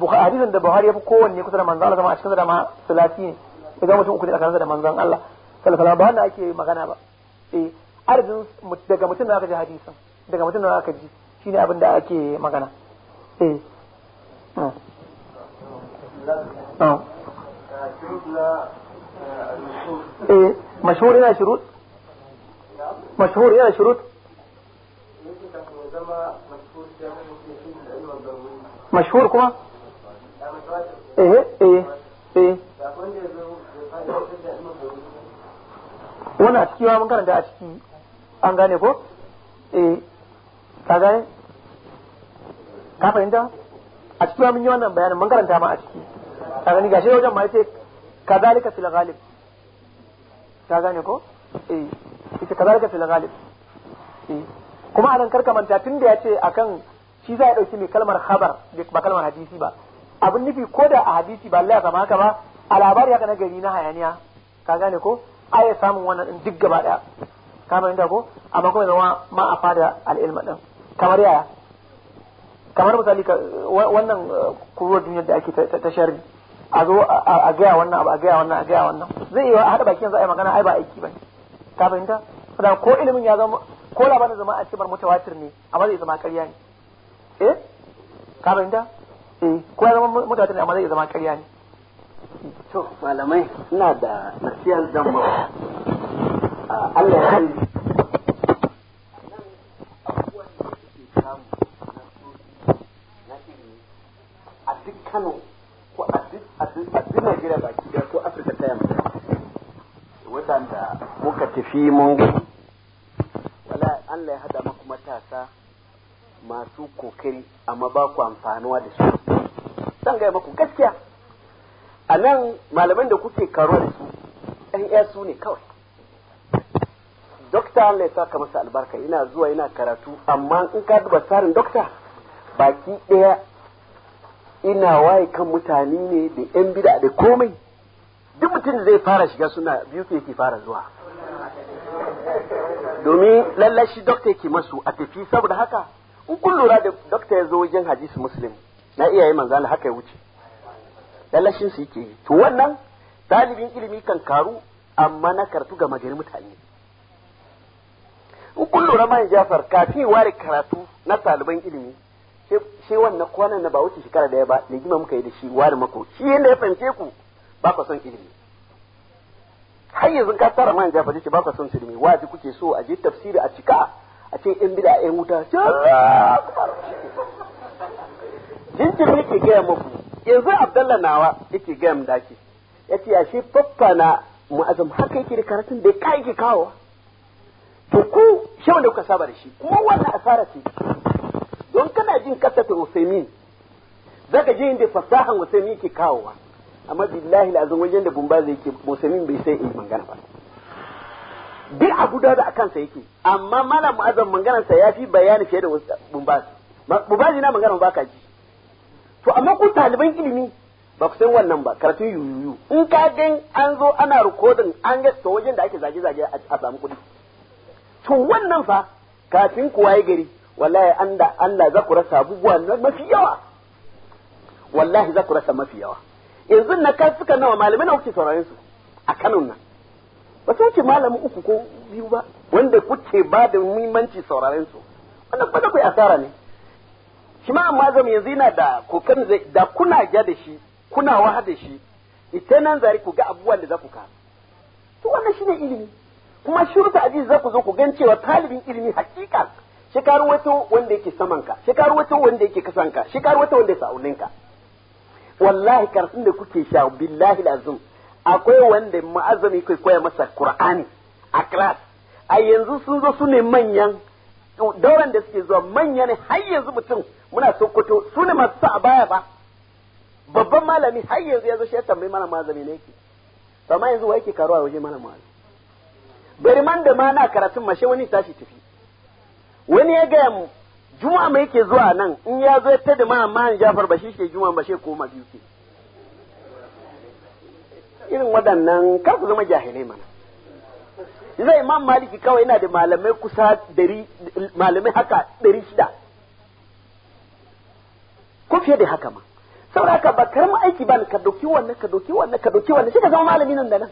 hadisin da Buhari ya fi kowanne kusa da manzon Allah zama a cikin da ma salati ne idan mutum uku ne kansa da manzon Allah sallallahu alaihi wasallam ba wanda ake magana ba eh arzin daga mutum da aka ji hadisin daga mutum da aka ji shine abin da ake magana eh ah. Ah. eh mashhur yana shurut mashhur yana shurut mashhur kuma eh eh eh wannan a ciki mun karanta a ciki an gane ko eh ka gane ka fahimta a ciki mun yi wannan bayanin mun karanta ma a ciki ka gani gashi wajen ma yace kazalika fil ghalib ka gane ko eh ita kazalika fil ghalib eh kuma anan karka manta tunda yace akan shi za ya dauki mai kalmar khabar ba kalmar hadisi ba abin nufi ko da a hadisi ba Allah ya zama haka ba a labari haka na gari na hayaniya ka gane ko a ya samun wannan din duk gaba daya kamar inda ko amma kuma zama ma a fada al'ilma din kamar yaya kamar misali wannan uh, kuruwar duniyar da ake ta sharri a zo a gaya wannan abu a gaya wannan a gaya wannan zai yi haɗa bakin za a yi magana ai ba aiki ba ka fahimta saboda ko ilimin ya zama ko labarin zama a cikin mutawatir ne amma zai zama ƙarya ne eh ka fahimta Eh, ko zama mutatar amma zai zama karya ne to malamai ina da nasiyar zan ba Allah ya a da ko muka tafi mun wala Allah ya hada maku matasa masu kokari amma ba ku amfanuwa da su zan gaya maku gaskiya a nan malaman da kuke karuwa da su ɗan iya su ne kawai dokta Allah ya saka masa albarka ina zuwa ina karatu amma in ka duba tsarin dokta baki ɗaya ina waye kan mutane ne da yan bida da komai duk mutum da zai fara shiga suna biyu yake fara zuwa domin lallashi dokta yake masu a tafi saboda haka in kun lura da dokta ya zo wajen hadisi muslim na iyaye manzala haka ya wuce lalashin su yake yi to wannan ɗalibin ilimi kan karu amma na karatu ga magari mutane in kun lura man jafar kafin ware karatu na taliban ilimi sai wannan kwanan na ba wuce shekara daya ba da gima muka yi da shi ware mako shi yadda ya fahimce ku ba ku son ilimi har yanzu ka tara man jafar ce ba ku son ilimi wa kuke so a je tafsiri a cika a ce in bida in wuta ah. jinjiri yake gaya muku yanzu abdallah nawa yake gaya mu dace ya ce ashe faffa na mu'azam haka yake da karatun da ka yake kawo to ku shawan da kuka saba da shi kuma wannan asara ce don kana jin kasata usaimin zaka je inda fasahan usaimin yake kawowa amma billahi lazim wajen da bumba zai ke usaimin bai sai in magana ba duk abu da akan sa yake amma malam mu'azzam maganar sa yafi bayani fiye da bumbas bumbas na maganar ba ka ji to amma ku taliban ilimi ba ku san wannan ba karatu yuyuyu in ka gan an zo ana rikodin an ga wajen da ake zage zage a samu kuɗi to wannan fa kafin ku waye gari wallahi anda Allah za ku rasa abubuwa mafi yawa wallahi za ku rasa mafi yawa yanzu na kai suka nawa malamai na wuce sauraron su a Kano nan ba sai ce malamin uku ko biyu ba wanda kuke ba da muhimmanci sauraren su wannan ba da kai asara ne shi ma amma zama yanzu yana da kokarin zai da kuna ja da shi kuna wa da shi ita nan zari ku ga abubuwan da za ku ka to wannan shine ilimi kuma shurta aji za ku zo ku gan cewa talibin ilimi hakika shi ka wato wanda yake samanka shi ka wato wanda yake ka shi ka wato wanda ya sa'ulinka wallahi karatun da kuke sha billahi lazim akwai wanda ma'azami kai koya masa Qur'ani a class a yanzu sun zo su ne manyan dauran da suke zuwa manya ne har yanzu mutum muna sokoto su ne masu sa a baya ba babban malami har yanzu ya zo shi ya tambayi mana ma'azami ne yake amma yanzu wa yake karuwa waje mana ma'azami bari man da ma na karatun mashe wani tashi tafi wani ya gaya mu juma'a mai yake zuwa nan in ya zo ya tada ma amma Jafar ba shi ke juma'a ba shi koma biyu ke irin waɗannan kar ku zama jahilai mana zai imam maliki kawai yana da malamai kusa dari malamai haka dari shida ko fiye da haka ma saboda ba karamin aiki ba ka doki wannan ka doki wannan ka doki wannan shi ka zama malami nan da nan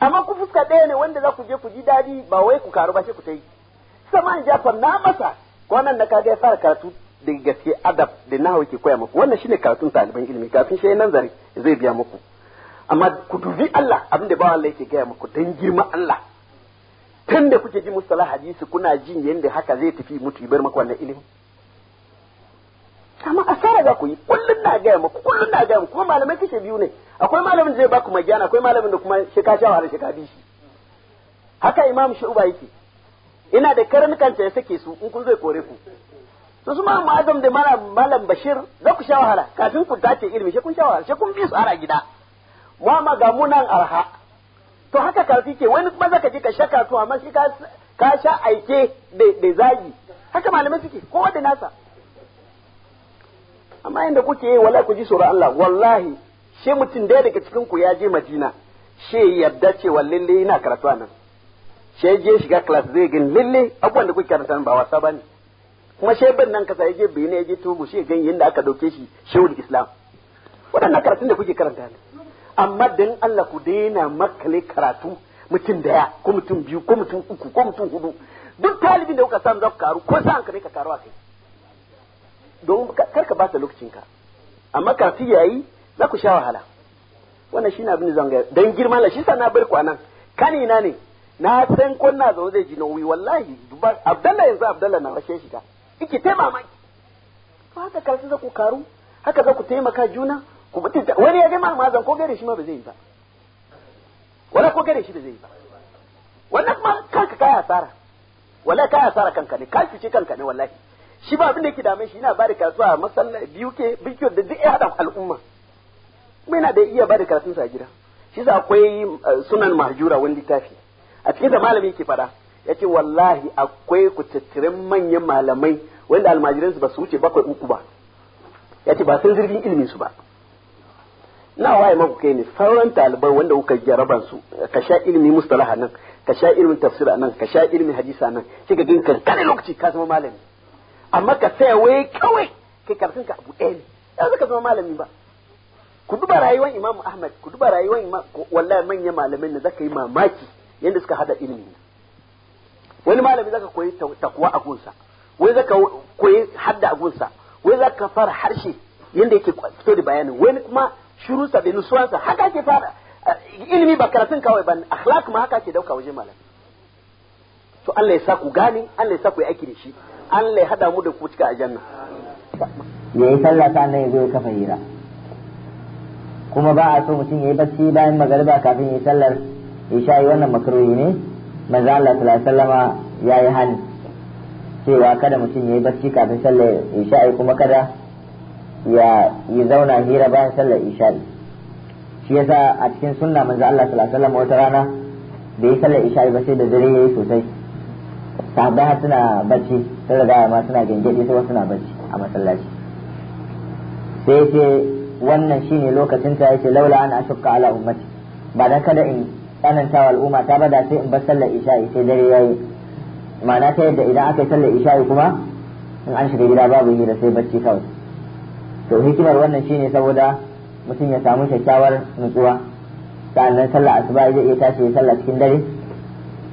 amma ku fuska ɗaya ne wanda za ku je ku ji daɗi ba wai ku karu ba sai ku ta yi saman jafar na masa ko nan na kaga ya fara karatu da gaske adab da nawa ke koya muku wannan shine karatun ɗaliban ilimi kafin shi nan zare zai biya muku amma ku dubi Allah abin da ba Allah yake gaya muku dan girma Allah tun da kuke ji musala hadisi kuna jin yadda haka zai tafi mutu bar maka wannan ilimi amma asara za ku yi kullun na gaya muku kullun na gaya muku kuma malamai kike biyu ne akwai malamin da zai baku magana akwai malamin da kuma shika shawa da shika bishi haka imam shu'ba yake ina da karnukan ya sake su in kun zai kore ku to su malam da malam bashir za ku sha wahala kafin ku dace ilimi shi kun sha wahala shi kun bi su ara gida mama ga munan arha to haka karfi ke wani kuma zaka je ka shaka to amma shi ka sha aike da zagi haka malamai suke ko wanda nasa amma inda kuke yi wallahi ku ji tsoron Allah wallahi she mutum da daga cikin ku ya je Madina she yadda cewa lalle yana karatu nan she je shiga class zai gani lalle abubuwan da kuke karanta ba wasa bane kuma she bin nan kasa yaje Benin yaje Togo she gani yadda aka dauke shi shehu Islam wadannan karatun da kuke karanta ne amma dan Allah ku daina makale karatu mutum daya ko mutum biyu ko mutum uku ko mutum hudu duk talibin da kuka samu za ku karu ko sa hankali ka karu a kai don kar ka bata lokacinka amma kafi yayi za ku sha wahala wannan shine abin da zan ga dan girman la shi sa na bar kwanan kani na ne na san ko na zo zai ji nauyi wallahi abdallah yanzu abdallah na rashe shi ka iki taimama mai haka kafi za ku karu haka za ku taimaka juna wani ya ga malam ko gare shi ma ba zai yi ba wani ko gare shi ba zai yi ba wannan kuma kanka kaya asara wallahi kaya asara kanka ne kai ce kanka ne wallahi shi ba abin da yake dame shi yana bada kasuwa masallaci biyu ke bikiyar da duk ya hada al'umma kuma yana da iya bada karatun sa gida shi sa akwai eh, sunan mahjura wani littafi a cikin da malami yake fada yace wallahi akwai kututturin manyan malamai wanda almajiransu ba su wuce bakwai uku ba yace ba sun zirgin ilimin su ba na waye maku kai ne sauran taliban wanda kuka jaraban su ka sha ilimi mustalaha nan ka sha ilimin tafsir nan ka sha ilimin hadisa nan sai ka gin kankanin lokaci ka zama malami amma ka saya waye kawai kai karatun ka abu ɗaya ne yanzu zaka zama malami ba ku duba rayuwar imamu ahmad ku duba rayuwar imam wallahi manyan malamai ne zaka yi mamaki yanda suka hada ilimi wani malami zaka koyi takwa a gunsa wai zaka koyi hadda a gunsa wai zaka fara harshe yanda yake fito da bayanin wani kuma shirusa da nusuwansa haka ke fara eh, ilimi ba karatun kawai ba akhlaq ma haka ke dauka waje malami to Allah ya sa ku gane Allah ya sa ku yi aiki da shi Allah ya hada mu da ku cika aljanna ya yi sallah sannan ya zo kafa hira kuma ba a so mutum ya yi bacci bayan magariba kafin ya yi sallar isha yi wannan makaroyi ne manzo Allah sallallahu alaihi wasallama yayi hani cewa kada mutum ya yi bacci kafin sallar isha kuma kada ya yi zauna hira bayan sallar isha'i shi yasa a cikin sunna manzo Allah sallallahu alaihi wasallam wata rana da yi sallar isha'i ba sai da dare yayi sosai sahabbai suna bacci sai daga ma suna gengedi sai suna bacci a masallaci sai yace wannan shine lokacin ta yace laula an ashqa ala ummati ba da kada in tsananta wa al'umma ta bada sai in bar sallar isha'i sai dare yayi ma'ana ta yadda idan aka yi sallar isha'i kuma in an shiga gida babu hira sai bacci kawai to hikimar wannan shine saboda mutum ya samu kyakkyawar nutsuwa sa'annan sallah asuba zai iya tashi ya sallah cikin dare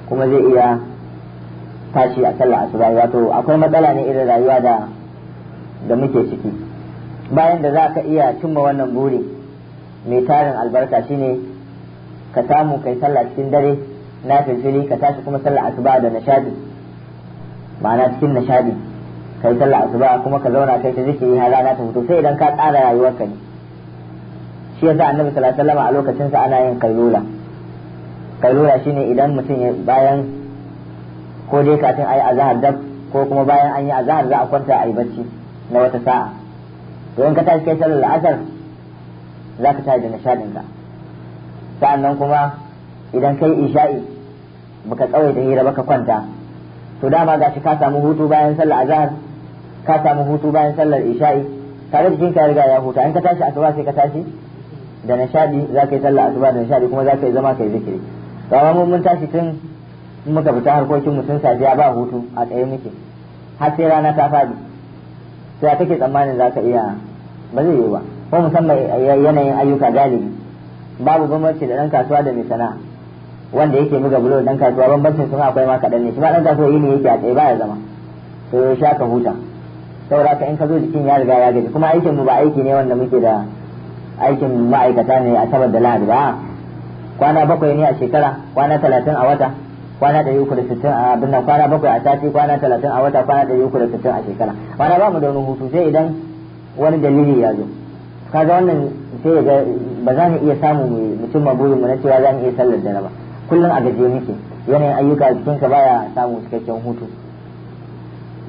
kuma zai iya tashi a sallah asuba wato akwai matsala ne irin rayuwa da da muke ciki bayan da za ka iya cimma wannan buri mai tarin albarka shine ka samu kai sallah cikin dare na filfili ka tashi kuma sallah asuba da nishadi ma'ana cikin nishadi kai sallah asuba kuma ka zauna kai ta zikiri har rana ta fito sai idan ka tsara ka ne shi yasa annabi sallallahu alaihi wasallam a lokacin sa ana yin kailula kailula shine idan mutum ya bayan ko dai kafin ayi azhar dab ko kuma bayan an yi azhar za a kwanta ayi bacci na wata sa'a to in ka tashi kai sallar asar za ka tashi da nishadin ka sa'annan kuma idan kai isha'i baka tsawaita hira baka kwanta to dama gashi ka samu hutu bayan sallar azhar ka samu hutu bayan sallar isha'i tare jikin ka riga ya huta in ka tashi asuba sai ka tashi da nishadi za ka yi sallar asuba da nishadi kuma za ka yi zama ka yi zikiri to amma mun tashi tun muka fita harkokin mu tun safiya ba hutu a tsaye muke har sai rana ta faɗi sai a take tsammanin za ka iya ba zai yi ba ko musamman yanayin ayyuka galibi babu gwamnati da ɗan kasuwa da mai sana'a wanda yake buga bulo ɗan kasuwa bambancin sun akwai ma kaɗan ne shi ma ɗan kasuwa yini yake a tsaye ba ya zama sai ya sha ka huta saboda ka in ka zo jikin ya riga ya gaji kuma aikin mu ba aiki ne wanda muke da aikin ma'aikata ne a sabar da lahadi ba kwana bakwai ne a shekara kwana talatin a wata kwana ɗari uku da sittin a abin nan kwana bakwai a sati kwana talatin a wata kwana ɗari uku da sittin a shekara kwana ba mu da wani hutu sai idan wani dalili ya zo kaga wannan sai ga ba za mu iya samu mu cimma burin mu na cewa za mu iya sallar da ba kullum a gaje muke yanayin ayyuka jikinka baya samun cikakken hutu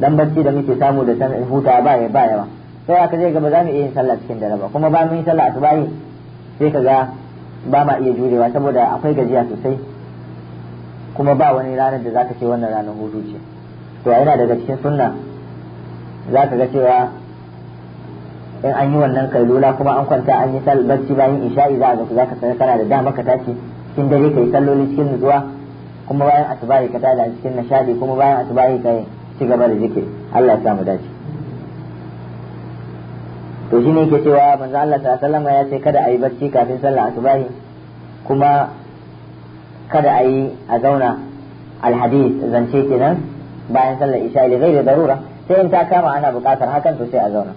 dan bacci da muke samu da san huta ba ya ba yawa sai aka zai ga ba za mu iya yin sallah cikin dare ba kuma ba mu yi sallah asubahi sai ka ga ba ma iya jurewa saboda akwai gajiya sosai kuma ba wani ranar da zaka ce wannan ranar hutu ce to yana daga cikin sunna zaka ga cewa in an yi wannan kailula kuma an kwanta an yi sallah bacci bayan isha'i za ga zaka sanar kana da dama ka tashi cikin dare kai salloli cikin nutsuwa kuma bayan asubahi ka tada cikin nishadi kuma bayan asubahi kai ci gaba da zikir Allah ya samu dace to ne ke cewa manzo Allah sallallahu alaihi ya ce kada a yi barci kafin sallah asubahi kuma kada a yi a zauna alhadith zance kenan bayan sallar isha da gaira darura sai in ta kama ana bukatar hakan to sai a zauna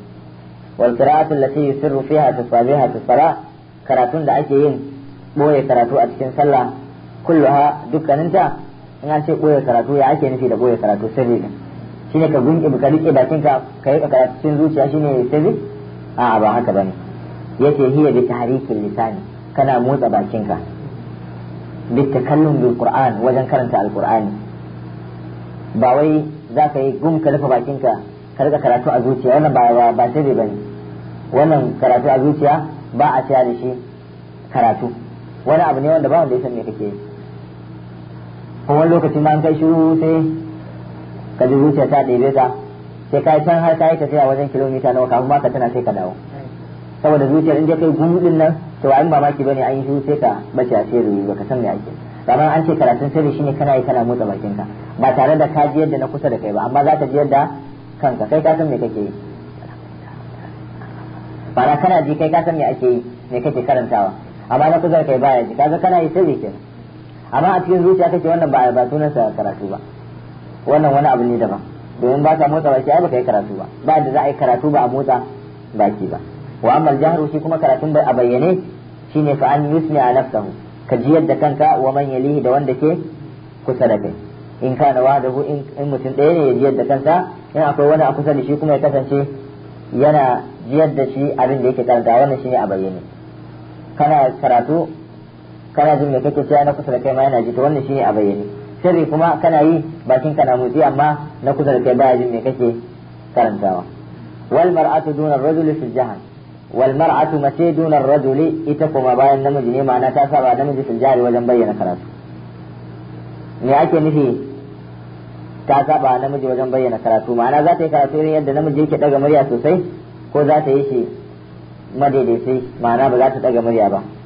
wal qira'atu allati yusirru fiha fi salat karatun da ake yin boye karatu a cikin sallah kulluha dukkaninta in an ce boye karatu ya ake nufi da boye karatu sirri shine ka gunke ka rike bakin ka ka yi ka cikin zuciya shine sirri a ba haka bane yake hiya bi tahrikin lisani kana motsa bakin ka bi takallum bil qur'an wajen karanta alqur'ani ba wai za ka yi gum ka rufe bakin ka ka rika karatu a zuciya wannan ba ba sirri bane wannan karatu a zuciya ba a tsaya da shi karatu wani abu ne wanda ba wanda ya san me kake yi wani lokaci ma an kai shiru sai ka ji zuciya ta ɗebe ka sai ka can har ka yi tafiya wajen kilomita nawa kafin maka tana sai ka dawo saboda zuciyar in je kai gudun nan to ayin mamaki bane an yi shiru sai ka bace a sai ruwi baka san me ake amma an ce karatun sirri shine kana yi kana motsa bakinka ba tare da ka ji yadda na kusa da kai ba amma za ka ji yadda kanka kai ka san me kake yi bara kana ji kai ka san me ake yi me kake karantawa amma na kusa da kai baya ji kaga kana yi sirri ke amma a cikin zuciya kake wannan ba ba sunan sa karatu ba wannan wani abu ne daban domin ba ta motsa baki ai baka yi karatu ba ba da za a yi karatu ba a motsa baki ba wa amma jahru shi kuma karatun bai a bayyane shine fa an yusni a nafsahu ka jiyar da kanka wa man yalihi da wanda ke kusa da kai in kana wa in in mutum ɗaya ne ya jiyar da kanka in akwai wani a kusa da shi kuma ya kasance yana jiyar da shi abin da yake karanta wannan shine a bayyane kana karatu kana jin da kake cewa na kusa da kai ma yana ji to wannan shine a bayyane sirri kuma kana yi bakin kana motsi amma na kusa da kai baya jin me kake karantawa wal mar'atu duna ar-rajuli fil jahan wal mar'atu mace duna ar-rajuli ita kuma bayan namiji ne ma'ana ta saba namiji fil jahri wajen bayyana karatu me ake nufi ta saba namiji wajen bayyana karatu ma'ana za ta yi karatu irin yadda namiji yake daga murya sosai ko za ta yi shi madaidaitai ma'ana ba za ta daga murya ba